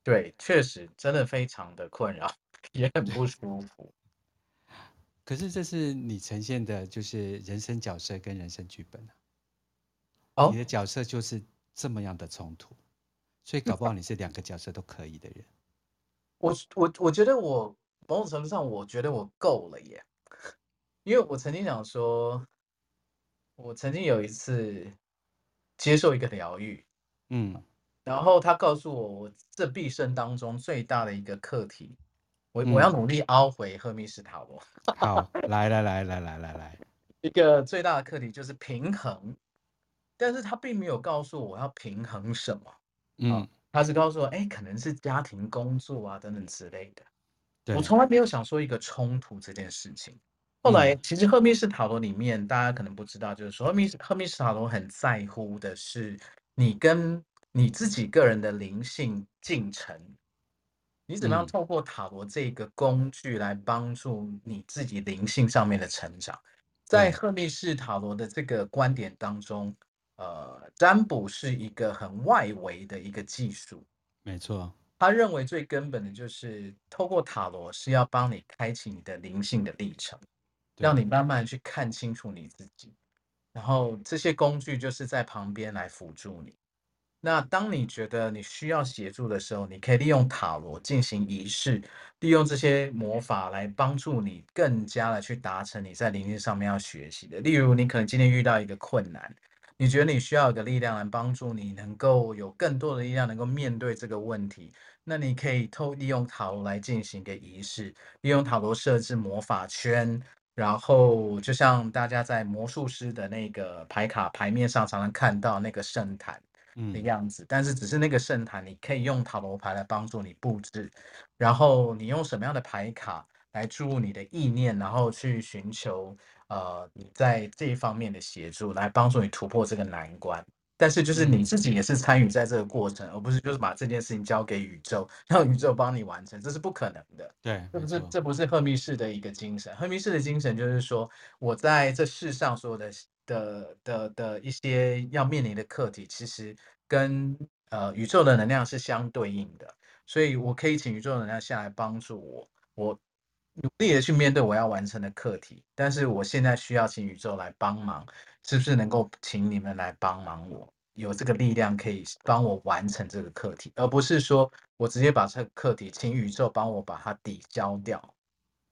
對，確實真的非常的困擾，也很不舒服。 可是這是你呈現的，就是人生角色跟人生劇本啊。哦、oh?，你的角色就是這麼樣的衝突，所以搞不好你是兩個角色都可以的人。 我我我覺得我某種程度上我覺得我夠了耶， 因為我曾經想說，我曾經有一次。接受一個療癒，嗯，然後他告訴我，我這畢生當中最大的一個課題，我、嗯、我要努力凹回赫密士塔羅。好， 來來來來來來來，一個最大的課題就是平衡，但是他並沒有告訴我要平衡什麼，嗯，他是告訴我，哎，可能是家庭工作啊等等之類的、嗯，我從來沒有想說一個衝突這件事情。後來，其實赫密士塔羅裡面，大家可能不知道，就是說赫密士赫密士塔羅很在乎的是你跟你自己個人的靈性進程，你怎麼樣透過塔羅這個工具來幫助你自己靈性上面的成長。在赫密士塔羅的這個觀點當中，呃，占卜是一個很外圍的一個技術，沒錯。他認為最根本的就是透過塔羅是要幫你開啟你的靈性的歷程。讓你慢慢去看清楚你自己，然後這些工具就是在旁邊來輔助你。那當你覺得你需要協助的時候，你可以利用塔羅進行儀式，利用這些魔法來幫助你更加的去達成你在靈性上面要學習的。例如，你可能今天遇到一個困難，你覺得你需要一個力量來幫助你，能夠有更多的力量能夠面對這個問題。那你可以偷利用塔羅來進行一個儀式，利用塔羅設置魔法圈。然後，就像大家在魔術師的那個牌卡牌面上常常看到那個聖壇的樣子，嗯、但是只是那個聖壇，你可以用塔羅牌來幫助你布置。然後你用什麼樣的牌卡來注入你的意念，然後去尋求呃你在這一方面的協助，來幫助你突破這個難關。但是，就是你自己也是參與在這個過程，嗯，而不是就是把這件事情交給宇宙，讓宇宙幫你完成，這是不可能的。對，這不是這不是赫密士的一個精神。赫密士的精神就是說，我在這世上所有的的的的一些要面臨的課題，其實跟呃宇宙的能量是相對應的，所以我可以請宇宙能量下來幫助我，我努力的去面對我要完成的課題，但是我現在需要請宇宙來幫忙。是不是能夠請你們來幫忙我？我有這個力量可以幫我完成這個課題，而不是說我直接把這個課題請宇宙幫我把它抵消掉。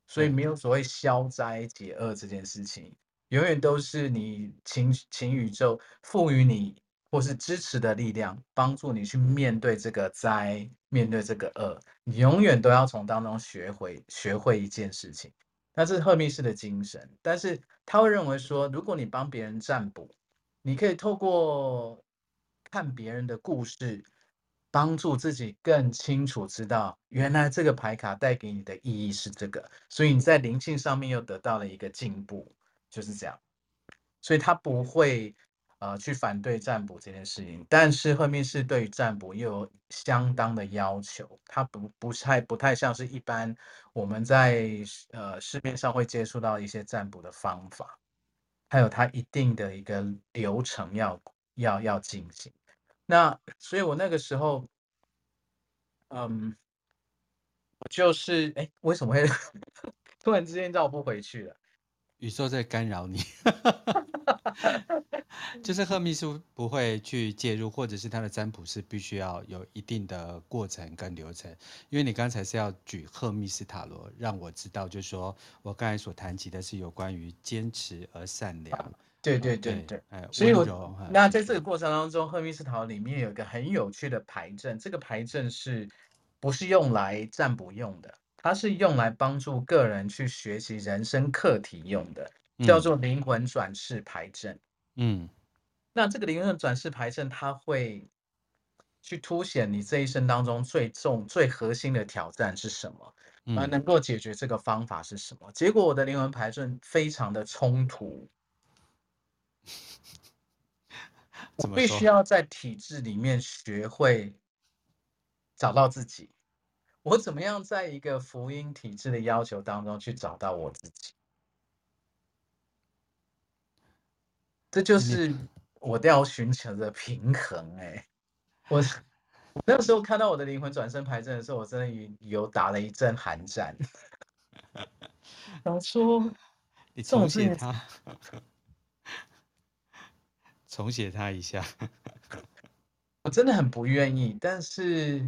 所以沒有所謂消災解厄這件事情，永遠都是你請請宇宙賦予你或是支持的力量，幫助你去面對這個災，面對這個厄。你永遠都要從當中學會，學會一件事情。那是赫密士的精神，但是他會認為說，如果你幫別人占卜，你可以透過看別人的故事，幫助自己更清楚知道，原來這個牌卡帶給你的意義是這個，所以你在靈性上面又得到了一個進步，就是這樣，所以他不會。呃，去反對占卜這件事情，但是赫密士對於占卜又有相當的要求，它不不太不太像是一般我們在呃市面上會接觸到一些占卜的方法，還有它一定的一個流程要要要進行。那所以，我那個時候，嗯，就是哎，為什麼會突然之間叫我不回去了？宇宙在干擾你， 就是赫密斯不會去介入，或者是他的占卜是必須要有一定的過程跟流程。因為你剛才是要舉赫密斯塔羅，讓我知道，就是說我剛才所談及的是有關於堅持而善良、啊。對對對對，哎，溫柔，所以我就。那在這個過程當中，赫密斯塔羅裡面有一個很有趣的牌陣，這個牌陣是不是用來占卜用的？它是用來幫助個人去學習人生課題用的，嗯、叫做靈魂轉世牌陣。嗯，那這個靈魂轉世牌陣，它會去凸顯你這一生當中最重、最核心的挑戰是什麼，嗯、而能夠解決這個方法是什麼。結果我的靈魂牌陣非常的衝突，我必須要在體制裡面學會找到自己。我怎麼樣在一個福音體制的要求當中去找到我自己？這就是我都要尋求的平衡，欸。哎，我那個、時候看到我的靈魂轉身牌陣的時候，我真的有打了一陣寒戰。然後說，你重寫他，重寫他一下。我真的很不願意，但是。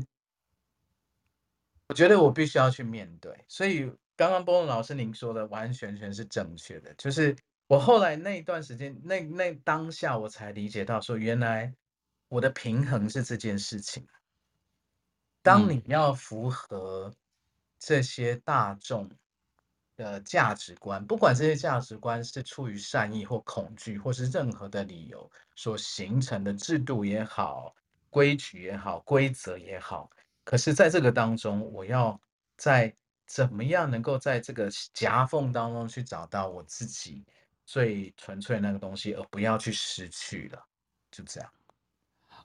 我覺得我必須要去面對，所以剛剛 Bono 老師您說的完全全是正確的，就是我後來那一段時間，那那當下我才理解到，說原來我的平衡是這件事情。當你要符合這些大眾的價值觀，不管這些價值觀是出於善意或恐懼，或是任何的理由所形成的制度也好、規矩也好、規則也好。可是，在這個當中，我要在怎麼樣能夠在這個夾縫當中去找到我自己最純粹的那個東西，而不要去失去了，就這樣。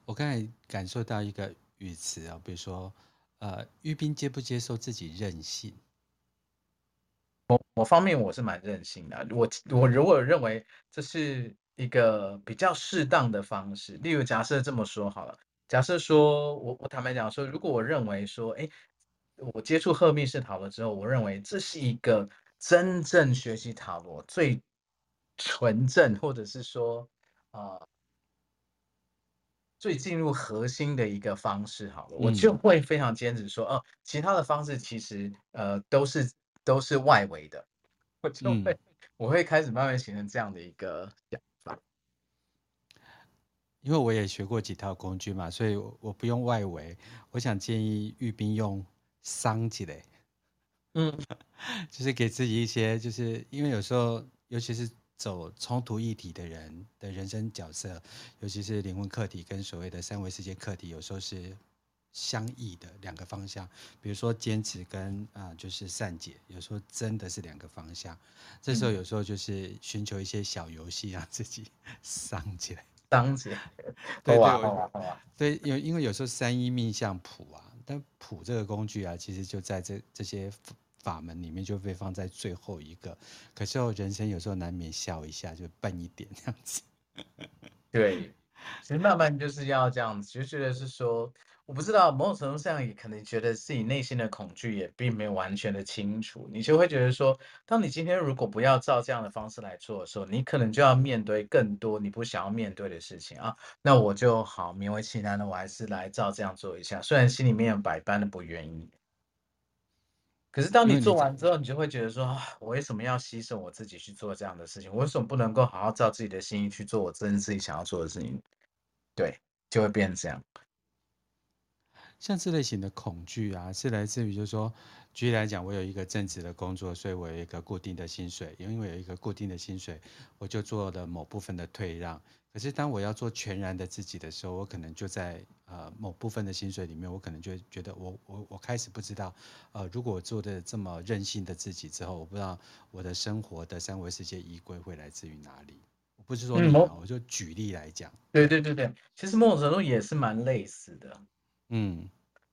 我剛才感受到一個語詞啊，比如說，呃，Yupin 接不接受自己任性？我我方面，我是蠻任性的。我我如果認為這是一個比較適當的方式，例如假設這麼說好了。假設說，我我坦白講說，如果我認為說，哎，我接觸赫密士塔羅之後，我認為這是一個真正學習塔羅最純正，或者是說啊、呃、最進入核心的一個方式。好了，我就會非常堅持說，哦、呃，其他的方式其實呃都是都是外圍的，我就會、嗯、我會開始慢慢形成這樣的一個講。因為我也學過幾套工具嘛，所以我不用外圍。我想建議玉斌用傷起來，嗯， 就是給自己一些，就是因為有時候，尤其是走衝突議題的人的人生角色，尤其是靈魂課題跟所謂的三維世界課題，有時候是相異的兩個方向。比如說，堅持跟啊、呃，就是善解，有時候真的是兩個方向、嗯。這時候有時候就是尋求一些小遊戲，讓自己傷起來。樣子，對 對對，因為因為有時候山醫命相卜，啊，但卜這個工具啊，其實就在這這些法門裡面就被放在最後一個。可是人生有時候難免笑一下，就笨一點這樣子。 對，所以慢慢就是要這樣子，就覺得是說。我不知道，某種程度上也可能覺得自己內心的恐懼也並沒有完全的清楚。你就會覺得說，當你今天如果不要照這樣的方式來做的時候，你可能就要面對更多你不想要面對的事情啊。那我就好勉為其難的，我還是來照這樣做一下，雖然心裡面有百般的不願意。可是當你做完之後，你就會覺得說，啊，我為什麼要犧牲我自己去做這樣的事情？我為什麼不能夠好好照自己的心意去做我真正自己想要做的事情？對，就會變成這樣。像這類型的恐懼啊，是來自於，就是說，舉例來講，我有一個正職的工作，所以我有一個固定的薪水。因為我有一個固定的薪水，我就做的某部分的退讓。可是當我要做全然的自己的時候，我可能就在呃某部分的薪水裡面，我可能就覺得我我我開始不知道，呃，如果我做的這麼任性的自己之後，我不知道我的生活的三維世界依歸會來自於哪裡。我不是說，嗯，我，我就舉例來講。對對對對，其實某種程度也是蠻類似的。嗯，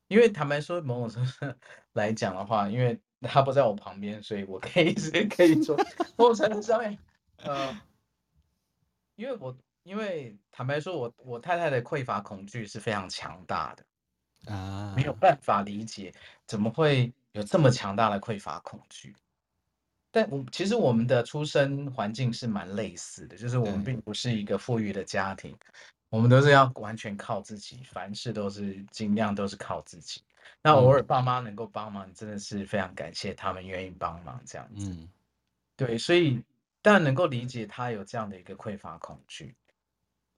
因為坦白說，某種程度來講的話，因為他不在我旁邊，所以我可以直接可以說。我 某種程度上面呃，因為我因為坦白說，我我太太的匱乏恐懼是非常強大的啊，沒有辦法理解怎麼會有這麼強大的匱乏恐懼。但我其實我們的出生環境是蠻類似的，就是我們並不是一個富裕的家庭。我們都是要完全靠自己，凡事都是盡量都是靠自己。那偶爾爸媽能夠幫忙，嗯，真的是非常感謝他們願意幫忙這樣子。嗯，對，所以但能夠理解他有這樣的一個匱乏恐懼。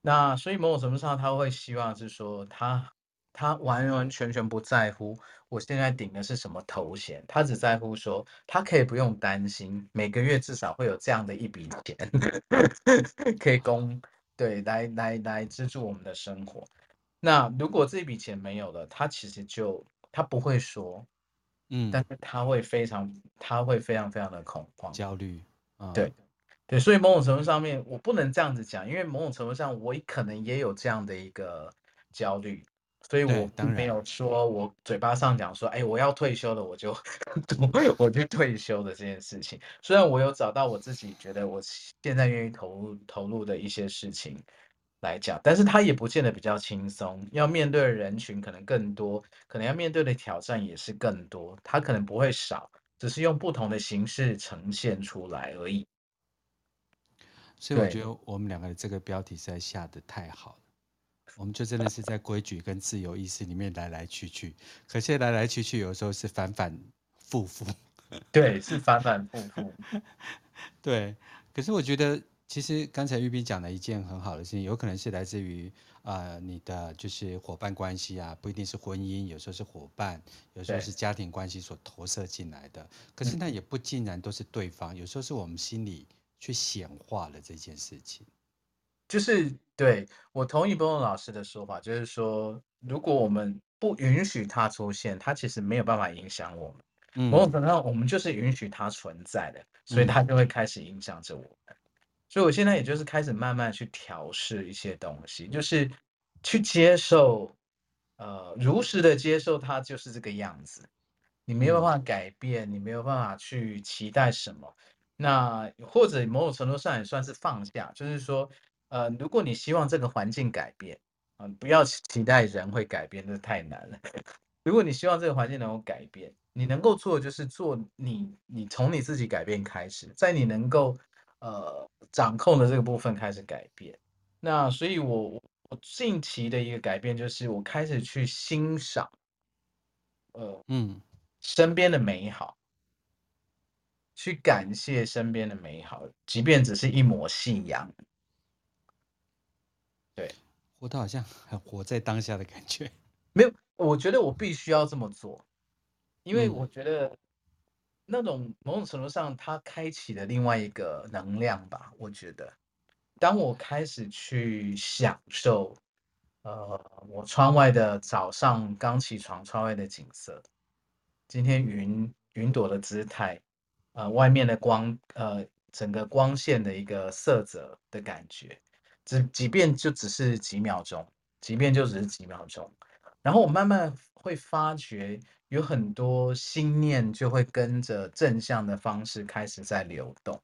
那所以某種程度上，他會希望是說他，他他完完全全不在乎我現在頂的是什麼頭銜，他只在乎說，他可以不用擔心，每個月至少會有這樣的一筆錢 可以供。對，來來來資助我們的生活。那如果這筆錢沒有了，他其實就他不會說，嗯，但是他會非常，他會非常非常的恐慌、焦慮啊、嗯。對，對，所以某種程度上面，我不能這樣子講，因為某種程度上，我可能也有這樣的一個焦慮。所以，我沒有說，我嘴巴上講說，哎，我要退休了，我就，我就退休的這件事情。雖然我有找到我自己覺得我現在願意投入投入的一些事情來講，但是他也不見得比較輕鬆，要面對的人群可能更多，可能要面對的挑戰也是更多，他可能不會少，只是用不同的形式呈現出來而已。所以，我覺得我們兩個的這個標題實在下得太好了。 我們就真的是在規矩跟自由意志裡面來來去去，可是來來去去有時候是反反復復， 對，是反反復復， 對。可是我覺得，其實剛才玉冰講了一件很好的事情，有可能是來自於啊、呃，你的就是夥伴關係啊，不一定是婚姻，有時候是夥伴，有時候是家庭關係所投射進來的。可是那也不盡然都是對方，有時候是我們心裡去顯化了這件事情。就是對，我同意 Bono 老師的說法，就是說，如果我們不允許它出現，它其實沒有辦法影響我們。嗯、某種程度上，我們就是允許它存在的，所以它就會開始影響着我們。嗯、所以，我現在也就是開始慢慢去調試一些東西，就是去接受，呃，如實的接受它就是這個樣子，你沒有辦法改變，嗯、你沒有辦法去期待什麼。那或者某種程度上也算是放下，就是說。呃，如果你希望這個環境改變，嗯、呃，不要期待人會改變，這太難了。 如果你希望這個環境能夠改變，你能夠做的就是做你，你從你自己改變開始，在你能夠呃掌控的這個部分開始改變。那所以我，我我近期的一個改變就是，我開始去欣賞，呃嗯，身邊的美好，去感謝身邊的美好，即便只是一抹信仰。我倒好像還活在當下的感覺，沒有。我覺得我必須要這麼做，因為我覺得那種某種程度上，它開啟了另外一個能量吧。我覺得，當我開始去享受，呃，我窗外的早上剛起床窗外的景色，今天雲雲朵的姿態，呃，外面的光，呃，整個光線的一個色澤的感覺。只即，即便就只是幾秒鐘，即便就只是幾秒鐘，然後我慢慢會發覺，有很多心念就會跟着正向的方式開始在流動。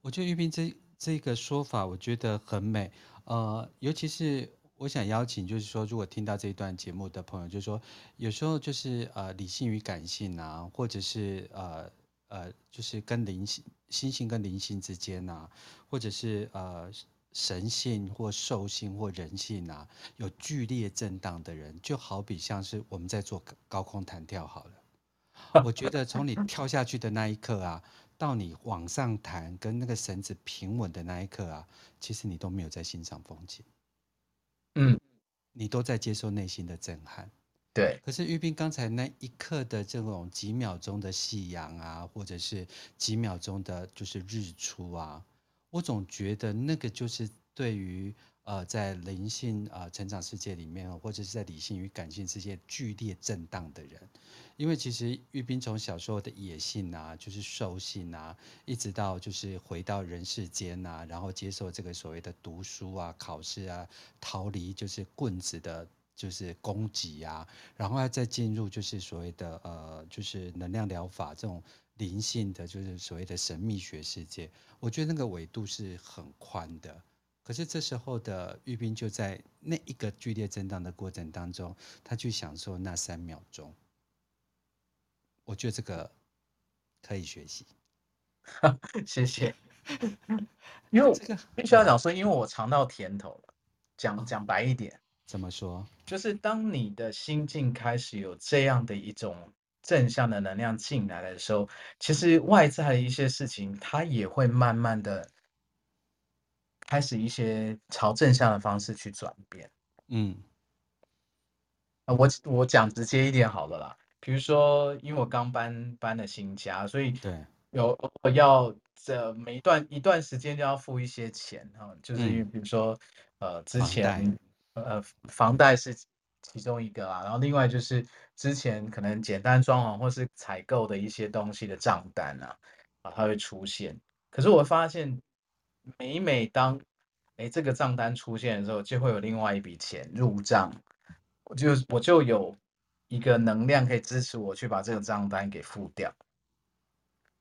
我覺得玉斌這這個說法我覺得很美，呃，尤其是我想邀請，就是說如果聽到這一段節目的朋友，就是說有時候就是呃理性與感性啊，或者是呃。呃，就是跟靈性、星性、跟靈性之間吶、啊，或者是呃神性、或獸性或人性吶、啊，有劇烈震盪的人，就好比像是我們在做高空彈跳好了。我覺得從你跳下去的那一刻啊，到你往上彈跟那個繩子平穩的那一刻啊，其實你都沒有在欣賞風景，嗯，你都在接受內心的震撼。對，可是玉斌剛才那一刻的這種幾秒鐘的夕陽啊，或者是幾秒鐘的，就是日出啊，我總覺得那個就是對於呃，在靈性啊、呃、成長世界裡面，或者是在理性與感性之間劇烈震盪的人，因為其實玉斌從小時候的野性啊，就是獸性啊，一直到就是回到人世間啊，然後接受這個所謂的讀書啊、考試啊，逃離就是棍子的。就是供給啊，然後他再進入就是所謂的呃，就是能量療法這種靈性的，就是所謂的神秘學世界。我覺得那個維度是很寬的。可是這時候的玉斌就在那一個劇烈震盪的過程當中，他去享受那三秒鐘。我覺得這個可以學習。呵呵，謝謝。因為我、這個、必須要講說、哦，因為我嘗到甜頭了。講講白一點。哦怎麼說？就是當你的心境開始有這樣的一種正向的能量進來的時候，其實外在的一些事情，它也會慢慢的開始一些朝正向的方式去轉變。嗯，啊，我我講直接一點好了啦。比如說，因為我剛搬搬了新家，所以有對我要這、呃、每一段一段時間就要付一些錢哈、啊，就是因為比如說、嗯、呃之前。呃，房貸是其中一個啊，然後另外就是之前可能簡單裝潢或是採購的一些東西的賬單啊，啊，它會出現。可是我發現，每每當誒這個賬單出現的時候，就會有另外一筆錢入賬，我就我就有一個能量可以支持我去把這個賬單給付掉。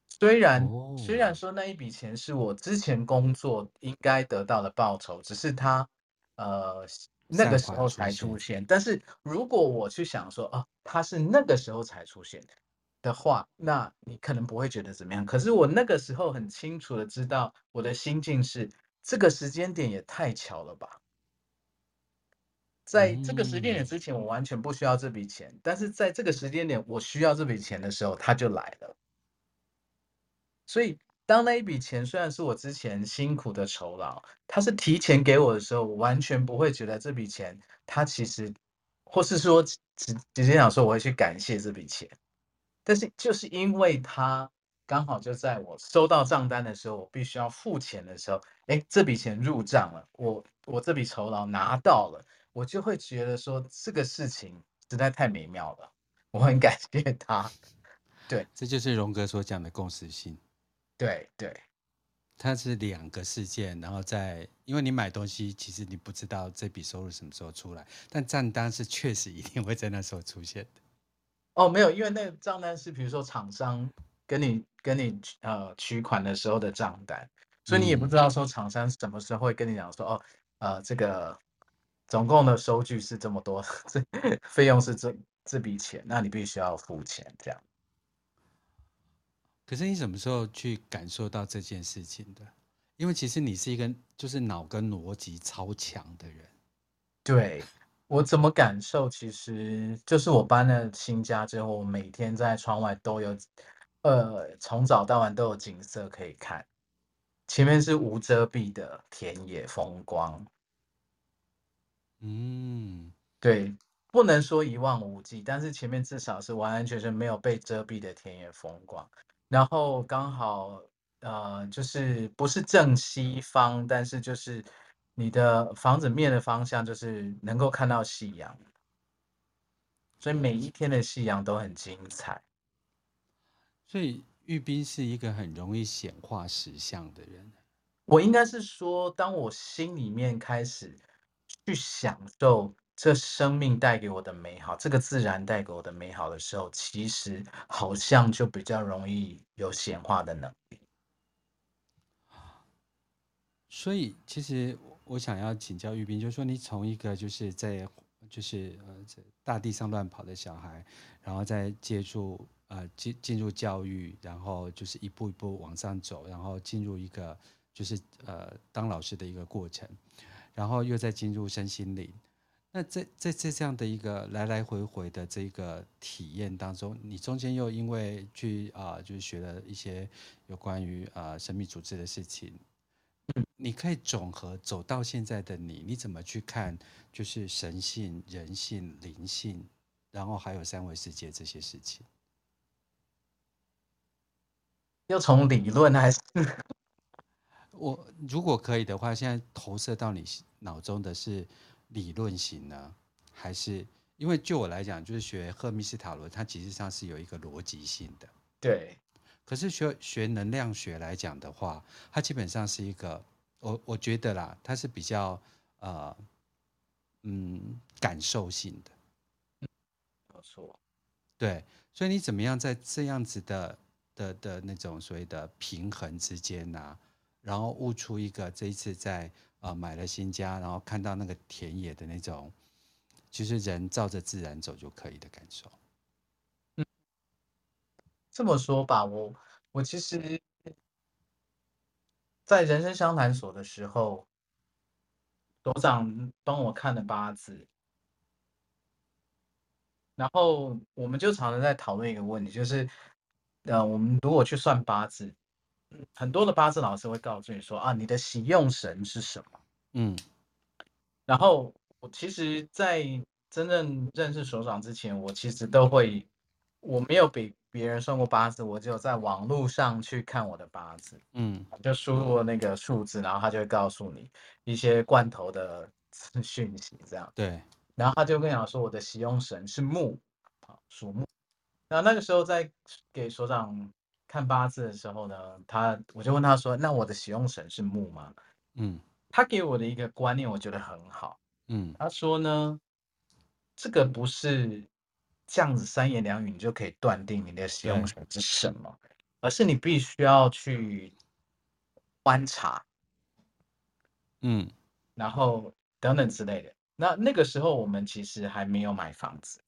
雖然雖然說那一筆錢是我之前工作應該得到的報酬，只是它呃。那個時候才出現，出現，但是如果我去想說，哦、啊，他是那個時候才出現的話，那你可能不會覺得怎麼樣。可是我那個時候很清楚的知道，我的心境是這個時間點也太巧了吧，在這個時間點之前，我完全不需要這筆錢，嗯，但是在這個時間點我需要這筆錢的時候，他就來了，所以。當那一筆錢雖然是我之前辛苦的酬勞，他是提前給我的時候，我完全不會覺得這筆錢，他其實，或是說只，只是想說我會去感謝這筆錢，但是就是因為他剛好就在我收到賬單的時候，我必須要付錢的時候，哎，這筆錢入賬了，我我這筆酬勞拿到了，我就會覺得說這個事情實在太美妙了，我很感謝他。對，這就是榮格所講的共時性。對對，它是兩個事件，然後在，因為你買東西，其實你不知道這筆收入什麼時候出來，但賬單是確實一定會在那時候出現的。哦，沒有，因為那個賬單是比如說廠商跟你跟你呃取款的時候的賬單，嗯，所以你也不知道說廠商什麼時候會跟你講說、嗯、哦，呃，這個總共的收據是這麼多，這 費用是這這筆錢，那你必須要付錢這樣。可是你什麼時候去感受到這件事情的？因為其實你是一個就是腦跟邏輯超強的人。對，我怎麼感受？其實就是我搬了新家之後，我每天在窗外都有，呃，從早到晚都有景色可以看。前面是無遮蔽的田野風光。嗯，對，不能說一望無際，但是前面至少是完完全全沒有被遮蔽的田野風光。然後剛好，呃，就是不是正西方，但是就是你的房子面的方向，就是能夠看到夕陽，所以每一天的夕陽都很精彩。所以玉斌是一個很容易顯化實相的人。我應該是說，當我心裡面開始去享受。這生命帶給我的美好，這個自然帶給我的美好的時候，其實好像就比較容易有顯化的能力。所以，其實我想要請教玉斌，就是說，你從一個就是在就是呃大地上亂跑的小孩，然後再接觸呃進進入教育，然後就是一步一步往上走，然後進入一個就是呃當老師的一個過程，然後又再進入身心靈。那在在在這樣的一個來來回回的這個體驗當中，你中間又因為去啊、呃，就是學了一些有關於啊、呃、神秘組織的事情，嗯，你可以總和走到現在的你，你怎麼去看就是神性、人性、靈性，然後還有三維世界這些事情？要從理論還是？ 我如果可以的話，現在投射到你腦中的是。理論型呢，還是因為就我來講，就是學赫密士塔羅，它其實上是有一個邏輯性的。對。可是學學能量學來講的話，它基本上是一個，我我覺得啦，它是比較呃，嗯，感受性的。嗯。感受。對。所以你怎麼樣在這樣子的的的那種所謂的平衡之間呢、啊？然後悟出一個這一次在。啊，買了新家，然後看到那個田野的那種，就是人照着自然走就可以的感受。嗯，這麼說吧，我我其實，在人生相談所的時候，董事長幫我看了八字，然後我們就常常在討論一個問題，就是呃，我們如果去算八字。很多的八字老師會告訴你說啊，你的喜用神是什麼？嗯，然後我其實，在真正認識所長之前，我其實都會，我沒有給別人算過八字，我只有在網絡上去看我的八字，嗯，就輸入那個數字，嗯，然後他就會告訴你一些罐頭的訊息，這樣對。然後他就跟你講說，我的喜用神是木，啊，屬木。那那個時候在給所長。看八字的時候呢，他我就問他說：“那我的喜用神是木嗎？”嗯，他給我的一個觀念，我覺得很好。嗯，他說呢，這個不是這樣子三言兩語你就可以斷定你的喜用，用神是什麼，而是你必須要去觀察，嗯，然後等等之類的。那那個時候我們其實還沒有買房子，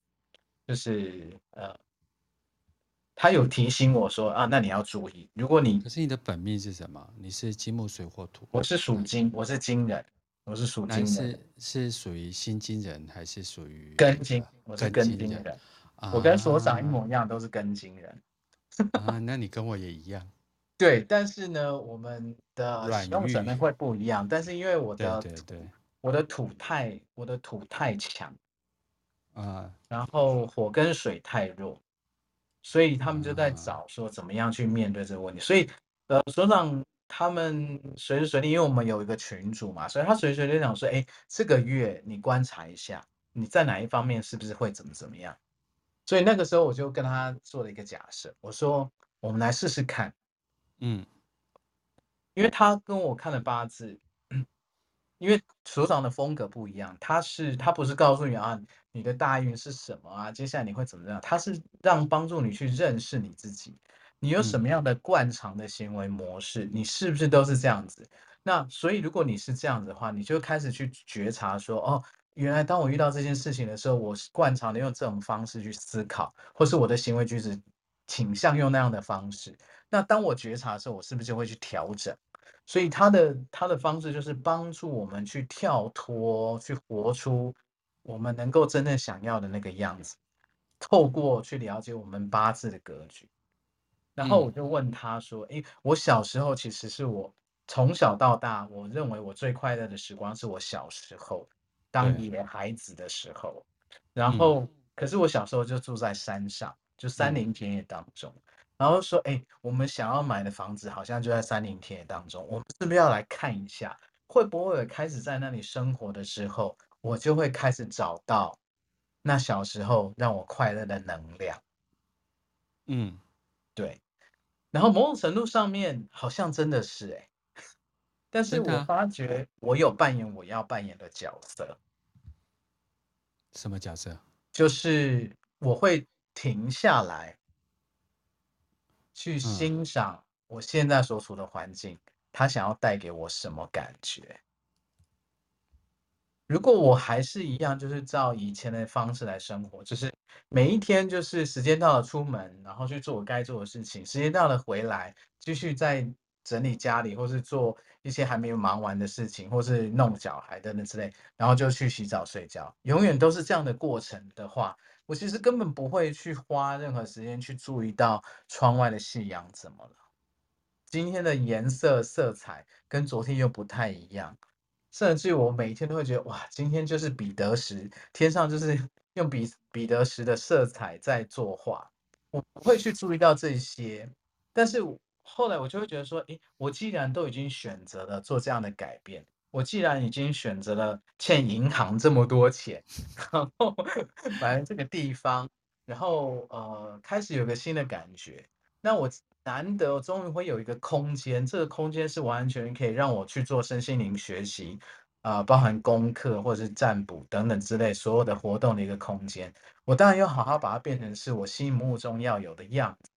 就是呃。他有提醒我說啊，那你要注意，如果你可是你的本命是什麼？你是金木水火土？我是屬金，哎，我是金人，我是屬金人。是是屬於辛金人還是屬於庚金、啊庚金？我是庚金人，啊，我跟所長一模一樣，都是庚金人，啊 啊。那你跟我也一樣。 對，但是呢，我們的使用者呢會不一樣。但是因為我的對，對對，我的土太我的土太強啊，然後火跟水太弱。所以他們就在找說怎麼樣去面對這個問題。所以，呃，所長他們隨時隨地，因為我們有一個群組嘛，所以他隨時隨地想說，哎，這個月你觀察一下，你在哪一方面是不是會怎麼怎麼樣？所以那個時候我就跟他做了一個假設，我說我們來試試看，嗯，因為他跟我看了八字。因為所長的風格不一樣，他是他不是告訴你啊，你的大運是什麼啊，接下來你會怎麼樣？他是讓幫助你去認識你自己，你有什麼樣的慣常的行為模式，嗯，你是不是都是這樣子？那所以如果你是這樣子的話，你就開始去覺察說，哦，原來當我遇到這件事情的時候，我是慣常的用這種方式去思考，或是我的行為舉止傾向用那樣的方式。那當我覺察的時候，我是不是就會去調整？所以他的他的方式就是幫助我們去跳脫，去活出我們能夠真正想要的那個樣子。透過去了解我們八字的格局，然後我就問他說：“嗯、誒，我小時候其實是我從小到大，我認為我最快樂的時光是我小時候當野孩子的時候、嗯。然後，可是我小時候就住在山上，就山林田野當中。嗯”然後說：“哎、欸，我們想要買的房子好像就在山林田野當中，我們是不是要來看一下？會不會開始在那裡生活的時候，我就會開始找到那小時候讓我快樂的能量？”嗯，對。然後某種程度上面好像真的是哎、欸，但是我發覺我有扮演我要扮演的角色。什麼角色？就是我會停下來。去欣賞我現在所處的環境，嗯，他想要帶給我什麼感覺？如果我還是一樣，就是照以前的方式來生活，就是每一天就是時間到了出門，然後去做我該做的事情，時間到了回來，繼續在整理家裡，或是做一些還沒有忙完的事情，或是弄小孩等等之類，然後就去洗澡睡覺，永遠都是這樣的過程的話。我其實根本不會去花任何時間去注意到窗外的夕陽怎麼了，今天的顏色色彩跟昨天又不太一樣，甚至我每一天都會覺得哇，今天就是彼得石，天上就是用彼彼得石的色彩在作畫，我不會去注意到這些，但是後來我就會覺得說，哎，我既然都已經選擇了做這樣的改變。我既然已經選擇了欠銀行這麼多錢，然後來這個地方，然後呃開始有個新的感覺，那我難得終於會有一個空間，這個空間是完全可以讓我去做身心靈學習，啊、呃，包含功課或者是占卜等等之類所有的活動的一個空間。我當然要好好把它變成是我心目中要有的樣子，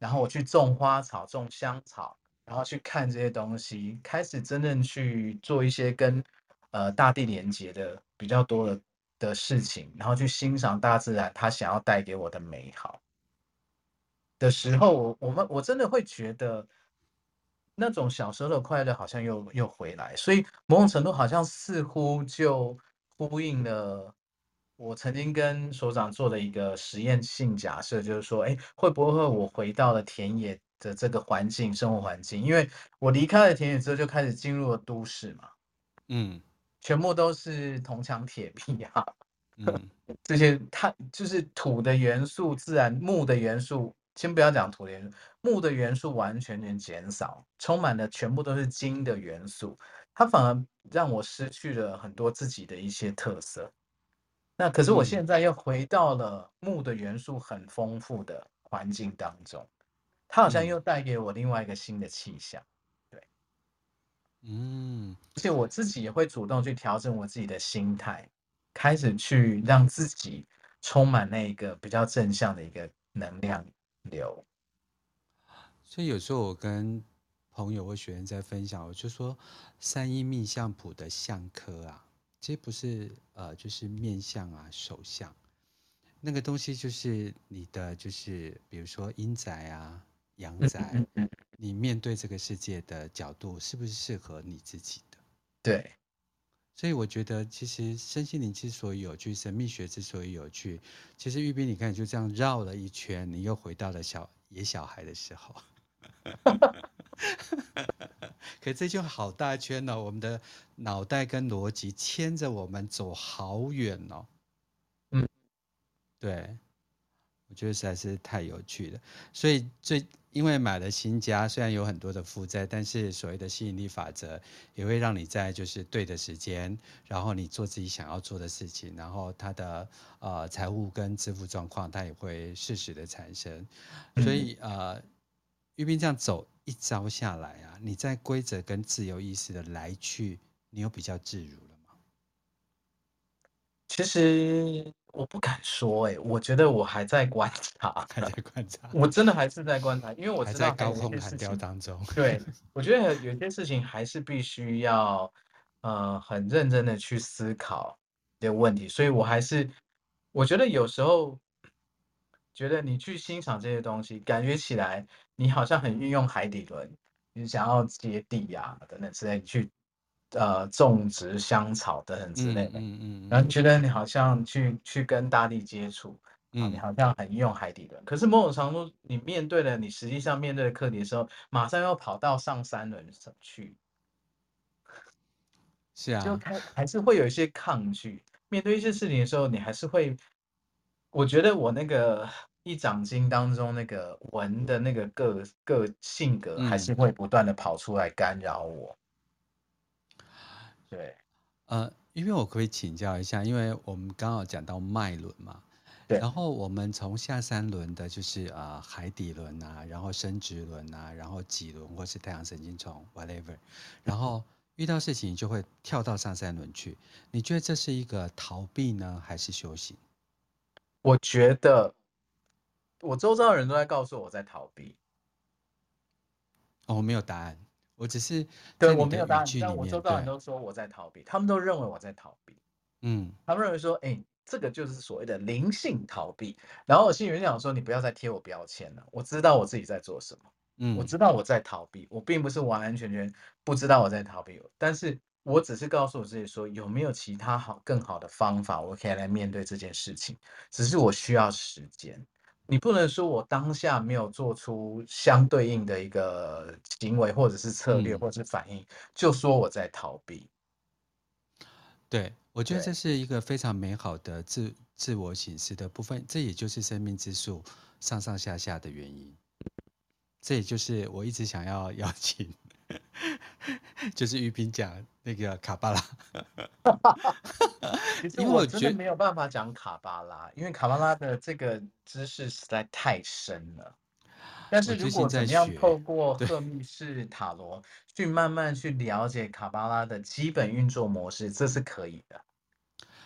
然後我去種花草，種香草。然後去看這些東西，開始真正去做一些跟呃大地連接的比較多的的事情，然後去欣賞大自然它想要帶給我的美好的時候，我我們我真的會覺得那種小時候的快樂好像又又回來，所以某種程度好像似乎就呼應了我曾經跟所長做的一個實驗性假設，就是說，誒，會不會我回到了田野？的這個環境，生活環境，因為我離開了田野之後，就開始進入了都市嘛，嗯，全部都是銅牆鐵壁啊，嗯，這些它就是土的元素、自然木的元素，先不要講土的元素，木的元素完全能減少，充滿了全部都是金的元素，它反而讓我失去了很多自己的一些特色。那可是我現在又回到了木的元素很豐富的環境當中。嗯他好像又帶給我另外一個新的氣象，對，嗯，而且我自己也會主動去調整我自己的心態，開始去讓自己充滿那個比較正向的一個能量流。所以有時候我跟朋友或學員在分享，我就說山醫命相卜的相科啊，其實不是呃，就是面相啊、手相那個東西，就是你的，就是比如說陰宅啊。陽仔，你面對這個世界的角度是不是適合你自己的？對，所以我覺得其實身心靈之所以有趣，神秘學之所以有趣，其實玉斌你看就這樣繞了一圈，你又回到了小野小孩的時候， 可這就好大圈了、哦。我們的腦袋跟邏輯牽着我們走好遠哦。嗯，對。我覺得實在是太有趣了，所以最因為買了新家，雖然有很多的負債，但是所謂的吸引力法則也會讓你在就是對的時間，然後你做自己想要做的事情，然後它的呃財務跟支付狀況，它也會適時的產生。所以、嗯、呃，玉斌這樣走一遭下來啊，你在規則跟自由意志的來去，你有比較自如了嗎？其實。我不敢說誒、欸，我覺得我還在觀察，還在觀察，我真的還是在觀察，因為我是在高空彈跳當中， 對，我覺得有些事情還是必須要，呃，很認真的去思考的問題，所以我還是，我覺得有時候覺得你去欣賞這些東西，感覺起來你好像很運用海底輪，你想要接地呀、啊、等等之類你去。呃，種植香草等等之類的，嗯嗯，嗯，然後覺得你好像去去跟大地接觸，嗯，你好像很用海底輪、嗯，可是某種程度，你面對了你實際上面對的課題的時候，馬上要跑到上三輪上去，是啊，就還，還是會有一些抗拒，面對一些事情的時候，你還是會，我覺得我那個一掌經當中那個文的那個各各性格，還是會不斷的跑出來干擾我。嗯嗯對，呃，因為我可，可以請教一下，因為我們剛好講到脈輪嘛，對，然後我們從下三輪的就是呃海底輪啊，然後生殖輪啊，然後臍輪、或是太陽神經叢 whatever，然後遇到事情就會跳到上三輪去，你覺得這是一個逃避呢，還是修行？我覺得，我周遭的人都在告訴我在逃避，我、哦、沒有答案。我只是對，對我沒有答案，但我周邊人都說我在逃避，他們都認為我在逃避，嗯，他們認為說，哎、欸，這個就是所謂的靈性逃避。然後我心裡面想說，你不要再貼我標籤了，我知道我自己在做什麼，嗯，我知道我在逃避，我並不是完完全全不知道我在逃避，但是我只是告訴我自己說，有沒有其他好、更好的方法，我可以來面對這件事情，只是我需要時間，你不能說我當下沒有做出相對應的一個行為，或者是策略，或者是反應、嗯，就說我在逃避。對，我覺得這是一個非常美好的自自我省思的部分，這也就是生命之樹上上下下的原因，這也就是我一直想要邀請。 就是玉平講那個卡巴拉，因為我覺得沒有辦法講卡巴拉，因為卡巴拉的這個知識實在太深了。但是如果怎麼樣透過赫密士塔羅去慢慢去了解卡巴拉的基本運作模式，這是可以的。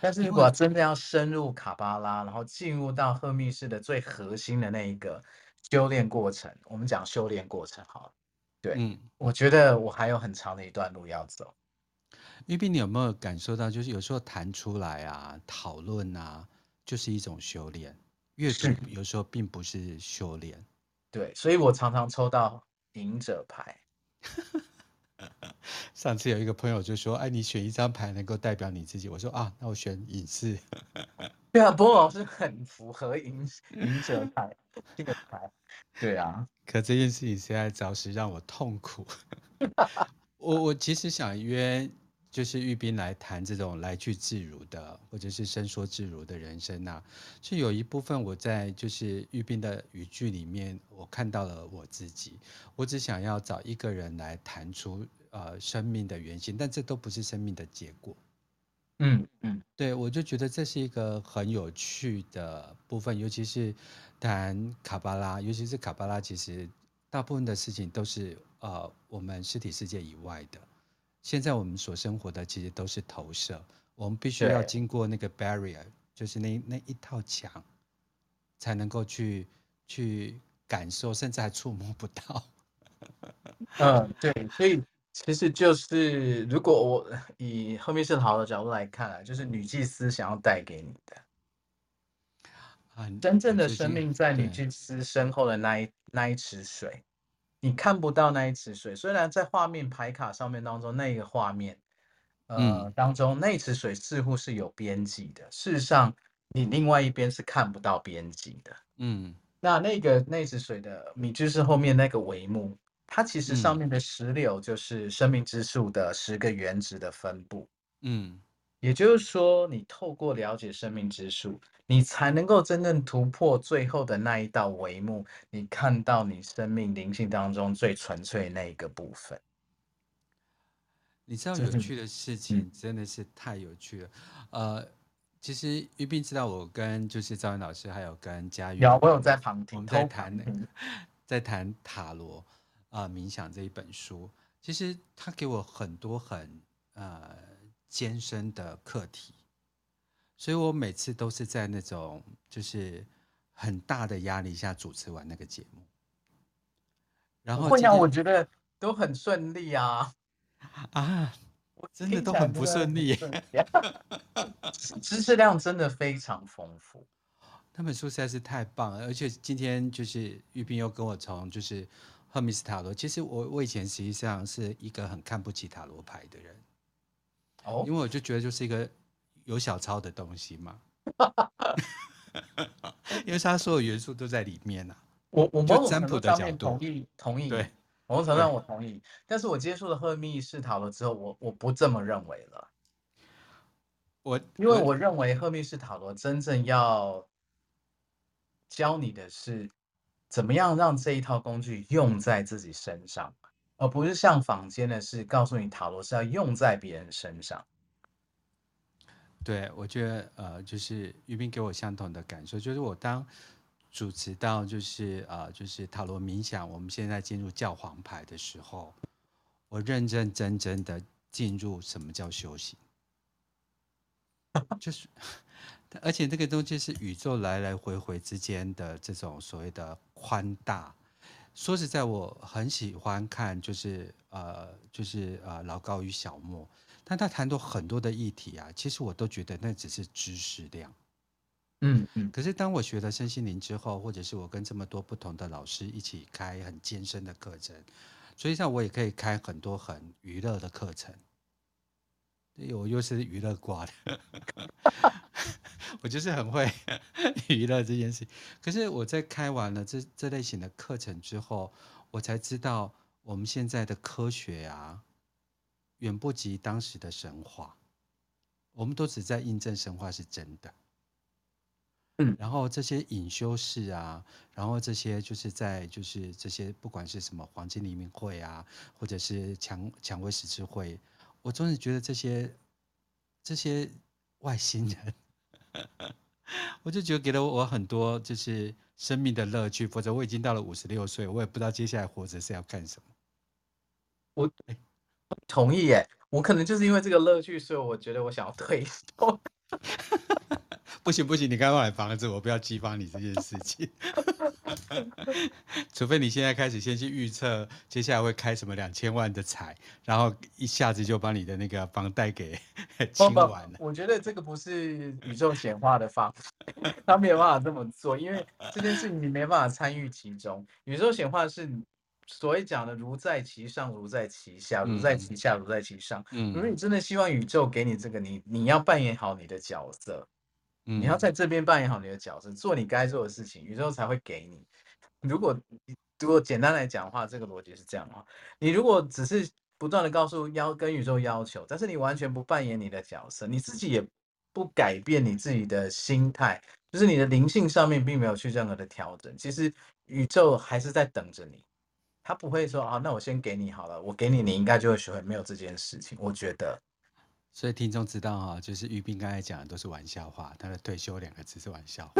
但是如果真的要深入卡巴拉，然後進入到赫密士的最核心的那一個修煉過程，我們講修煉過程好了。對，嗯，我覺得我還有很長的一段路要走。玉、嗯、斌，你有沒有感受到，就是有時候談出來啊，討論啊，就是一種修煉。越劇有時候並不是修煉。對，所以我常常抽到隱者牌。 上次有一個朋友就說：“哎，你選一張牌能夠代表你自己。”我說：“啊，那我選隱士。”對啊，不過我是很符合隱隱者牌這個牌。對啊，可這件事情現在着實讓我痛苦。 我我其實想約。就是玉斌來談這種來去自如的，或者是伸縮自如的人生吶、啊，是有一部分我在就是玉斌的語句裡面，我看到了我自己。我只想要找一個人來談出呃生命的原型，但這都不是生命的結果。嗯嗯，對，我就覺得這是一個很有趣的部分，尤其是談卡巴拉，尤其是卡巴拉，其實大部分的事情都是呃我們實體世界以外的。現在我們所生活的其實都是投射，我們必須要經過那個 barrier，就是那那一套牆，才能夠去去感受，甚至還觸摸不到。 嗯，對，所以其實就是如果我以後面是好的角度來看，啊，就是女祭司想要帶給你的，嗯嗯，真正的生命在女祭司身後的那一、嗯嗯、那一池水。你看不到那一池水，雖然在畫面牌卡上面當中那一個畫面，呃，嗯、當中那一池水似乎是有邊際的，事實上你另外一邊是看不到邊際的。嗯，那那個那一池水的，你就是後面那個帷幕，它其實上面的石榴就是生命之樹的十個原子的分布。嗯。嗯也就是說，你透過了解生命之樹，你才能夠真正突破最後的那一道帷幕，你看到你生命靈性當中最純粹的那一個部分。你知道，有趣的事情真的是太有趣了。嗯嗯、呃，其實玉斌知道，我跟就是趙雲老師，還有跟佳玉，我有在旁聽，在談、嗯、在談塔羅啊、呃，冥想這一本書，其實他給我很多很呃。艱深的課題，所以我每次都是在那種就是很大的壓力下主持完那個節目。然後今天我覺得都很順利啊啊，我真的都很不順利耶。知識量真的非常豐富，那本書實在是太棒了。而且今天就是玉斌又跟我從就是赫密士塔羅，其實我我以前實際上是一個很看不起塔羅牌的人。哦，因為我就覺得就是一個有小抄的東西嘛 ， 因為它所有元素都在裡面吶、啊。我我我占卜的上面同意同意，同意，對，我，我承認我同意，但是我接觸了赫密士塔羅之後，我我不這麼認為了。我，我因為我認為赫密士塔羅真正要教你的是，怎麼樣讓這一套工具用在自己身上。嗯而、哦，不是像坊間的是告訴你塔羅是要用在別人身上。對，我覺得呃，就是玉斌給我相同的感受，就是我當主持到就是呃，就是塔羅冥想，我們現在進入教皇牌的時候，我認認真真的進入什麼叫修行， 就是而且這個東西是宇宙來來回回之間的這種所謂的寬大。說實在，我很喜歡看，就是呃，就是呃，老高與小莫，但他談到很多的議題啊，其實我都覺得那只是知識量。嗯嗯。可是當我學了身心靈之後，或者是我跟這麼多不同的老師一起開很艱深的課程，所以像我也可以開很多很娛樂的課程。對，我又是娛樂掛的， 我就是很會娛樂這件事。可是我在開完了這這類型的課程之後，我才知道我們現在的科學啊，遠不及當時的神話。我們都只在印證神話是真的。嗯，然後這些隱修士啊，然後這些就是在就是這些不管是什麼黃金黎明會啊，或者是薔薔薇十字會。我總是覺得這些這些外星人， 我就覺得給了我很多就是生命的樂趣，否則我已經到了五十六歲，我也不知道接下來活着是要幹什麼。我同意耶，我可能就是因為這個樂趣，所以我覺得我想要退休。 不行不行，你剛剛買房子，我不要激發你這件事情。 除非你現在開始先去預測接下來會開什麼兩千萬的彩，然後一下子就把你的那個房貸給清完了。我覺得這個不是宇宙顯化的方式，他 沒有辦法這麼做，因為這件事情你沒辦法參與其中。宇宙顯化是所謂講的如在其上，如在其下，如在其下，如在其上。嗯，如果你真的希望宇宙給你這個，你你要扮演好你的角色。你要在這邊扮演好你的角色，做你該做的事情，宇宙才會給你。如果如果簡單來講的話，這個邏輯是這樣的話，你如果只是不斷的告訴要跟宇宙要求，但是你完全不扮演你的角色，你自己也不改變你自己的心態，就是你的靈性上面並沒有去任何的調整，其實宇宙還是在等着你，他不會說啊，那我先給你好了，我給你，你應該就會學會。沒有這件事情，我覺得。所以聽眾知道哈，哦，就是玉斌剛才講的都是玩笑話。他的退休兩個字是玩笑話，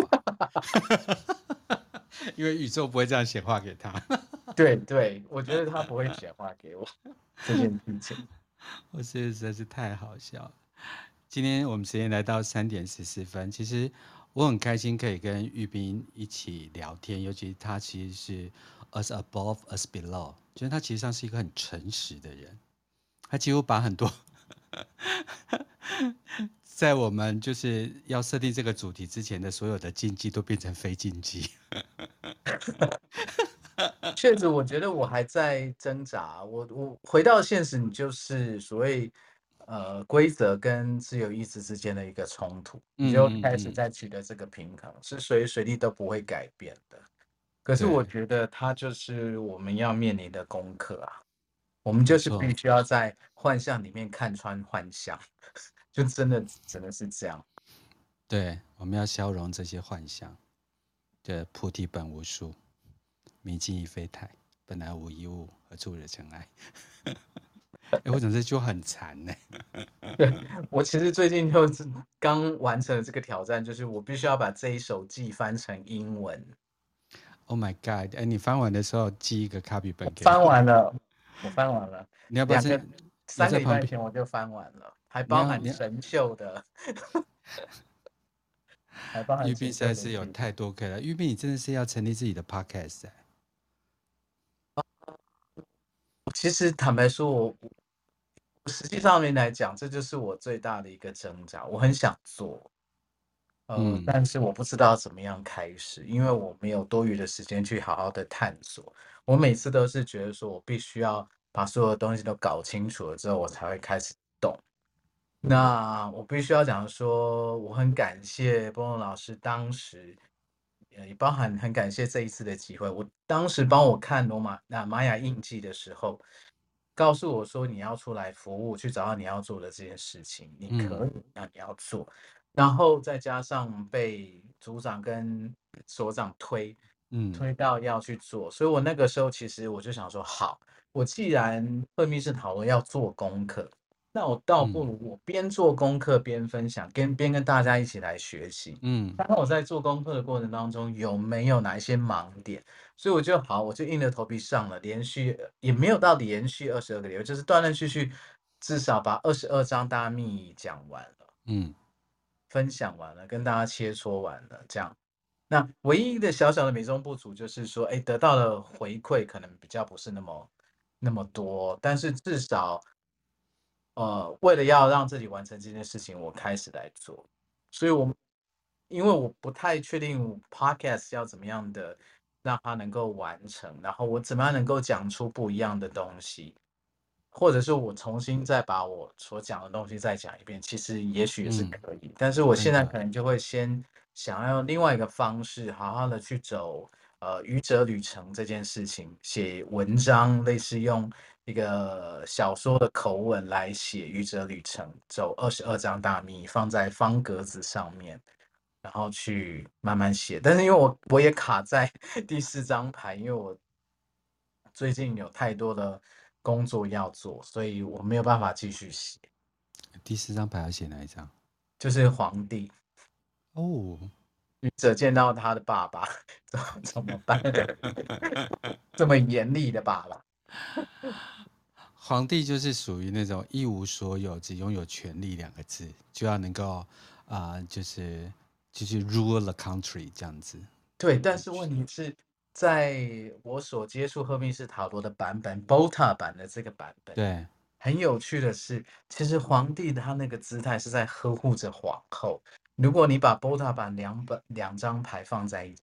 因為宇宙不會這樣顯化給他。 對對，我覺得他不會顯化給我。 這些聽眾，我覺得實在是太好笑了。今天我們時間來到三點十四分，其實我很開心可以跟玉斌一起聊天，尤其他其實是 as above as below，就是他其實上是一個很誠實的人，他幾乎把很多。 在我們就是要設定這個主題之前的所有的禁忌都變成非禁忌， 確 實，我覺得我還在掙扎。我我回到現實，你就是所謂呃規則跟自由意志之間的一個衝突，你就開始在取得這個平衡，是隨時隨地都不會改變的。可是我覺得它就是我們要面臨的功課啊。我們就是必須要在幻象裡面看穿幻象，就真的只能是這樣。對，我們要消融這些幻象。對，菩提本無樹，明鏡亦非台，本來無一物，何處惹塵埃？哎，我講是就很禪呢。對，我其實最近就是剛完成了這個挑戰，就是我必須要把這一首偈翻成英文。Oh my god！哎、欸，你翻完的時候記一個 copy 本給。翻完了。我翻完了，兩個你、三個禮拜前，我就翻完了，還包含神秀的。 還包含秀的秀的秀。玉斌實在是有太多可以了。玉斌，你真的是要成立自己的 podcast。其實坦白說，我實際上面來講，這就是我最大的一個掙扎。我很想做，呃，嗯，但是我不知道怎麼樣開始，因為我沒有多餘的時間去好好的探索。我每次都是覺得說，我必須要把所有的東西都搞清楚了之後，我才會開始動。那我必須要講說，我很感謝 Bono 老師當時，也包含很感謝這一次的機會。我當時幫我看羅馬那、啊、瑪雅印記的時候，告訴我說你要出來服務，去找到你要做的這件事情，你可以，那你，你要做。然後再加上被組長跟所長推，嗯，推到要去做，所以我那個時候其實我就想說，好，我既然赫密士討論要做功課，那我倒不如我邊做功課邊分享，跟邊跟大家一起來學習。嗯，看看我在做功課的過程當中，有沒有哪一些盲點？所以我就好，我就硬着頭皮上了，連續也沒有到連續二十二個禮拜，就是斷斷續續，至少把二十二章大秘講完了，嗯，分享完了，跟大家切磋完了，這樣。那唯一的小小的美中不足就是說，誒，得到的回饋可能比較不是那麼那麼多，但是至少，呃，為了要讓自己完成這件事情，我開始來做。所以我，我因為我不太確定 podcast 要怎麼樣的讓它能夠完成，然後我怎麼樣能夠講出不一樣的東西，或者是我重新再把我所講的東西再講一遍，其實也許是可以。嗯，但是我現在可能就會先。想要用另外一個方式，好好的去走呃愚者旅程這件事情，寫文章，類似用一個小說的口吻來寫愚者旅程，走二十二張大祕，放在方格子上面，然後去慢慢寫。但是因為我我也卡在第四張牌，因為我最近有太多的工作要做，所以我沒有辦法繼續寫。第四張牌要寫哪一張？就是皇帝。哦、嗯，女者見到他的爸爸怎怎麼辦？ 這麼嚴厲的爸爸，皇帝就是屬於那種一無所有，只擁有權力兩個字，就要能夠啊、呃，就是就是 rule the country 這樣子。對，但是問題是在我所接觸赫密士塔羅的版本、嗯、BOTA 版的這個版本，對，很有趣的是，其實皇帝他那個姿態是在呵護着皇後。如果你把 b o d a 版兩本兩張牌放在一起，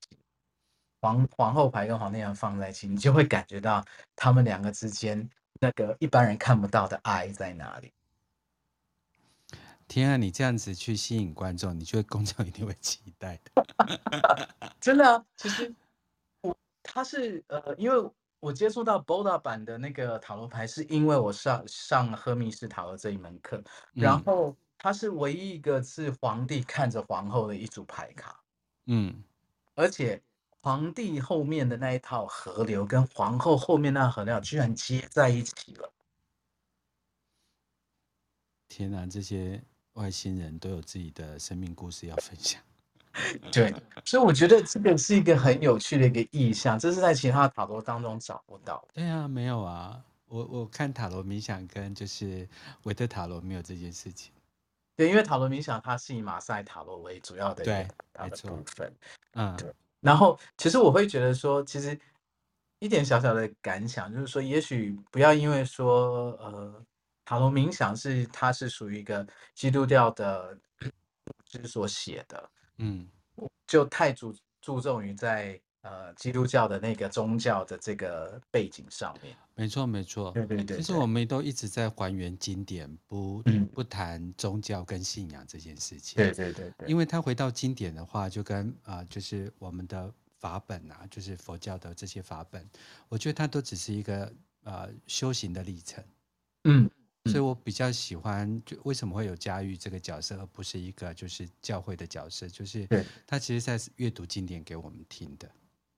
皇皇後牌跟皇太放在一起，你就會感覺到他們兩個之間那個一般人看不到的愛在哪裡。天啊，你這樣子去吸引觀眾，你覺得觀眾一定會期待的。 真的啊，其實我他是呃，因為我接觸到 b o d a 版的那個塔羅牌，是因為我上上了赫密士塔羅這一門課，然後。嗯他是唯一一個是皇帝看着皇後的一組牌卡，嗯，而且皇帝後面的那一套河流跟皇后後面那河流居然接在一起了。天吶，啊，這些外星人都有自己的生命故事要分享。 對，所以我覺得這個是一個很有趣的一個意象，這是在其他塔羅當中找不到。對啊，沒有啊，我我看塔羅冥想跟就是維特塔羅沒有這件事情。對，因為塔羅冥想它是以馬賽塔羅為主要的，對，部分沒錯。嗯，然後其實我會覺得說，其實一點小小的感想就是說，也許不要因為說，呃，塔羅冥想是它是屬於一個基督教的之、就是、所寫的，嗯，我就太注注重於在。呃，基督教的那個宗教的這個背景上面，沒錯沒錯，對，對對對。其實我們都一直在還原經典，不、嗯、不談宗教跟信仰這件事情。對對對，對。因為他回到經典的話，就跟啊、呃，就是我們的法本啊，就是佛教的這些法本，我覺得它都只是一個呃修行的歷程。嗯，所以我比較喜歡，就為什麼會有嘉玉這個角色，而不是一個就是教會的角色，就是他其實在閱讀經典給我們聽的。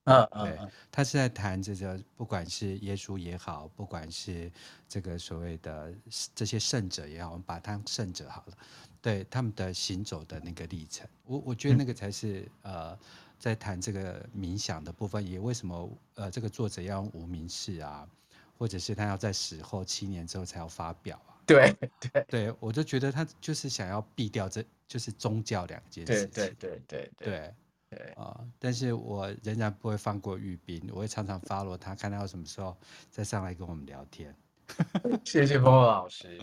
呃、啊、對、啊啊，他是在談這個，不管是耶穌也好，不管是這個所謂的這些聖者也好，我們把他聖者好了，對他們的行走的那個歷程，我我覺得那個才是、嗯、呃，在談這個冥想的部分，也為什麼呃這個作者要用無名氏啊，或者是他要在死後七年之後才要發表啊？對對對，我就覺得他就是想要避掉這就是宗教兩件事情。對對對對對。對對對對啊、呃，但是我仍然不會放過玉冰。我會常常 follow 看他，看到他有什麼時候再上來跟我們聊天。 謝謝 Bono 老師。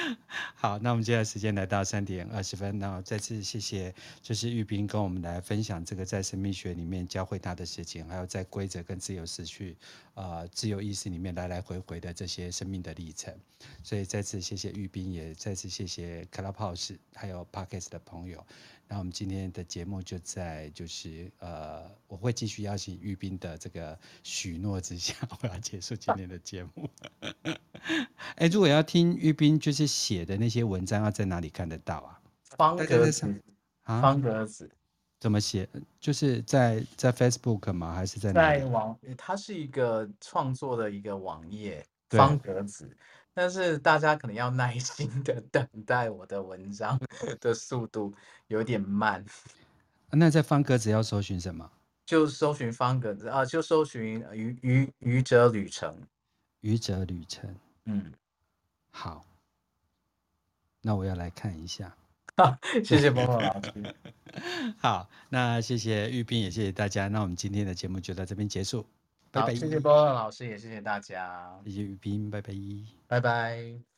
好，那我們接下來時間來到三點二十分，那我再次謝謝，就是玉冰跟我們來分享這個在神秘學裡面教會他的事情，還有在規則跟自由思緒啊，自由意識裡面來來回回的這些生命的歷程。所以再次謝謝玉冰，也再次謝謝 Clubhouse，還有 Podcast 的朋友。那我們今天的節目就在，就是呃，我會繼續邀請玉斌的這個許諾之下，我要結束今天的節目。哎、啊， 如果要聽玉斌就是寫的那些文章，要在哪裡看得到啊？方格子啊？方格子怎麼寫？就是在在 Facebook 嗎？還是在在網？它是一個創作的一個網頁，方格子。但是大家可能要耐心的等待我的文章，的速度有點慢，啊。那在方格子要搜尋什麼？就搜尋方格子啊，就搜尋愚愚愚者旅程。愚者旅程，嗯，好。那我要來看一下。哈、 啊，謝謝 Bono 老師。 好，那謝謝玉斌，也謝謝大家。那我們今天的節目就到這邊結束。好，謝謝 Bono 老師，也謝謝大家。謝謝 Yupin，拜拜。拜拜。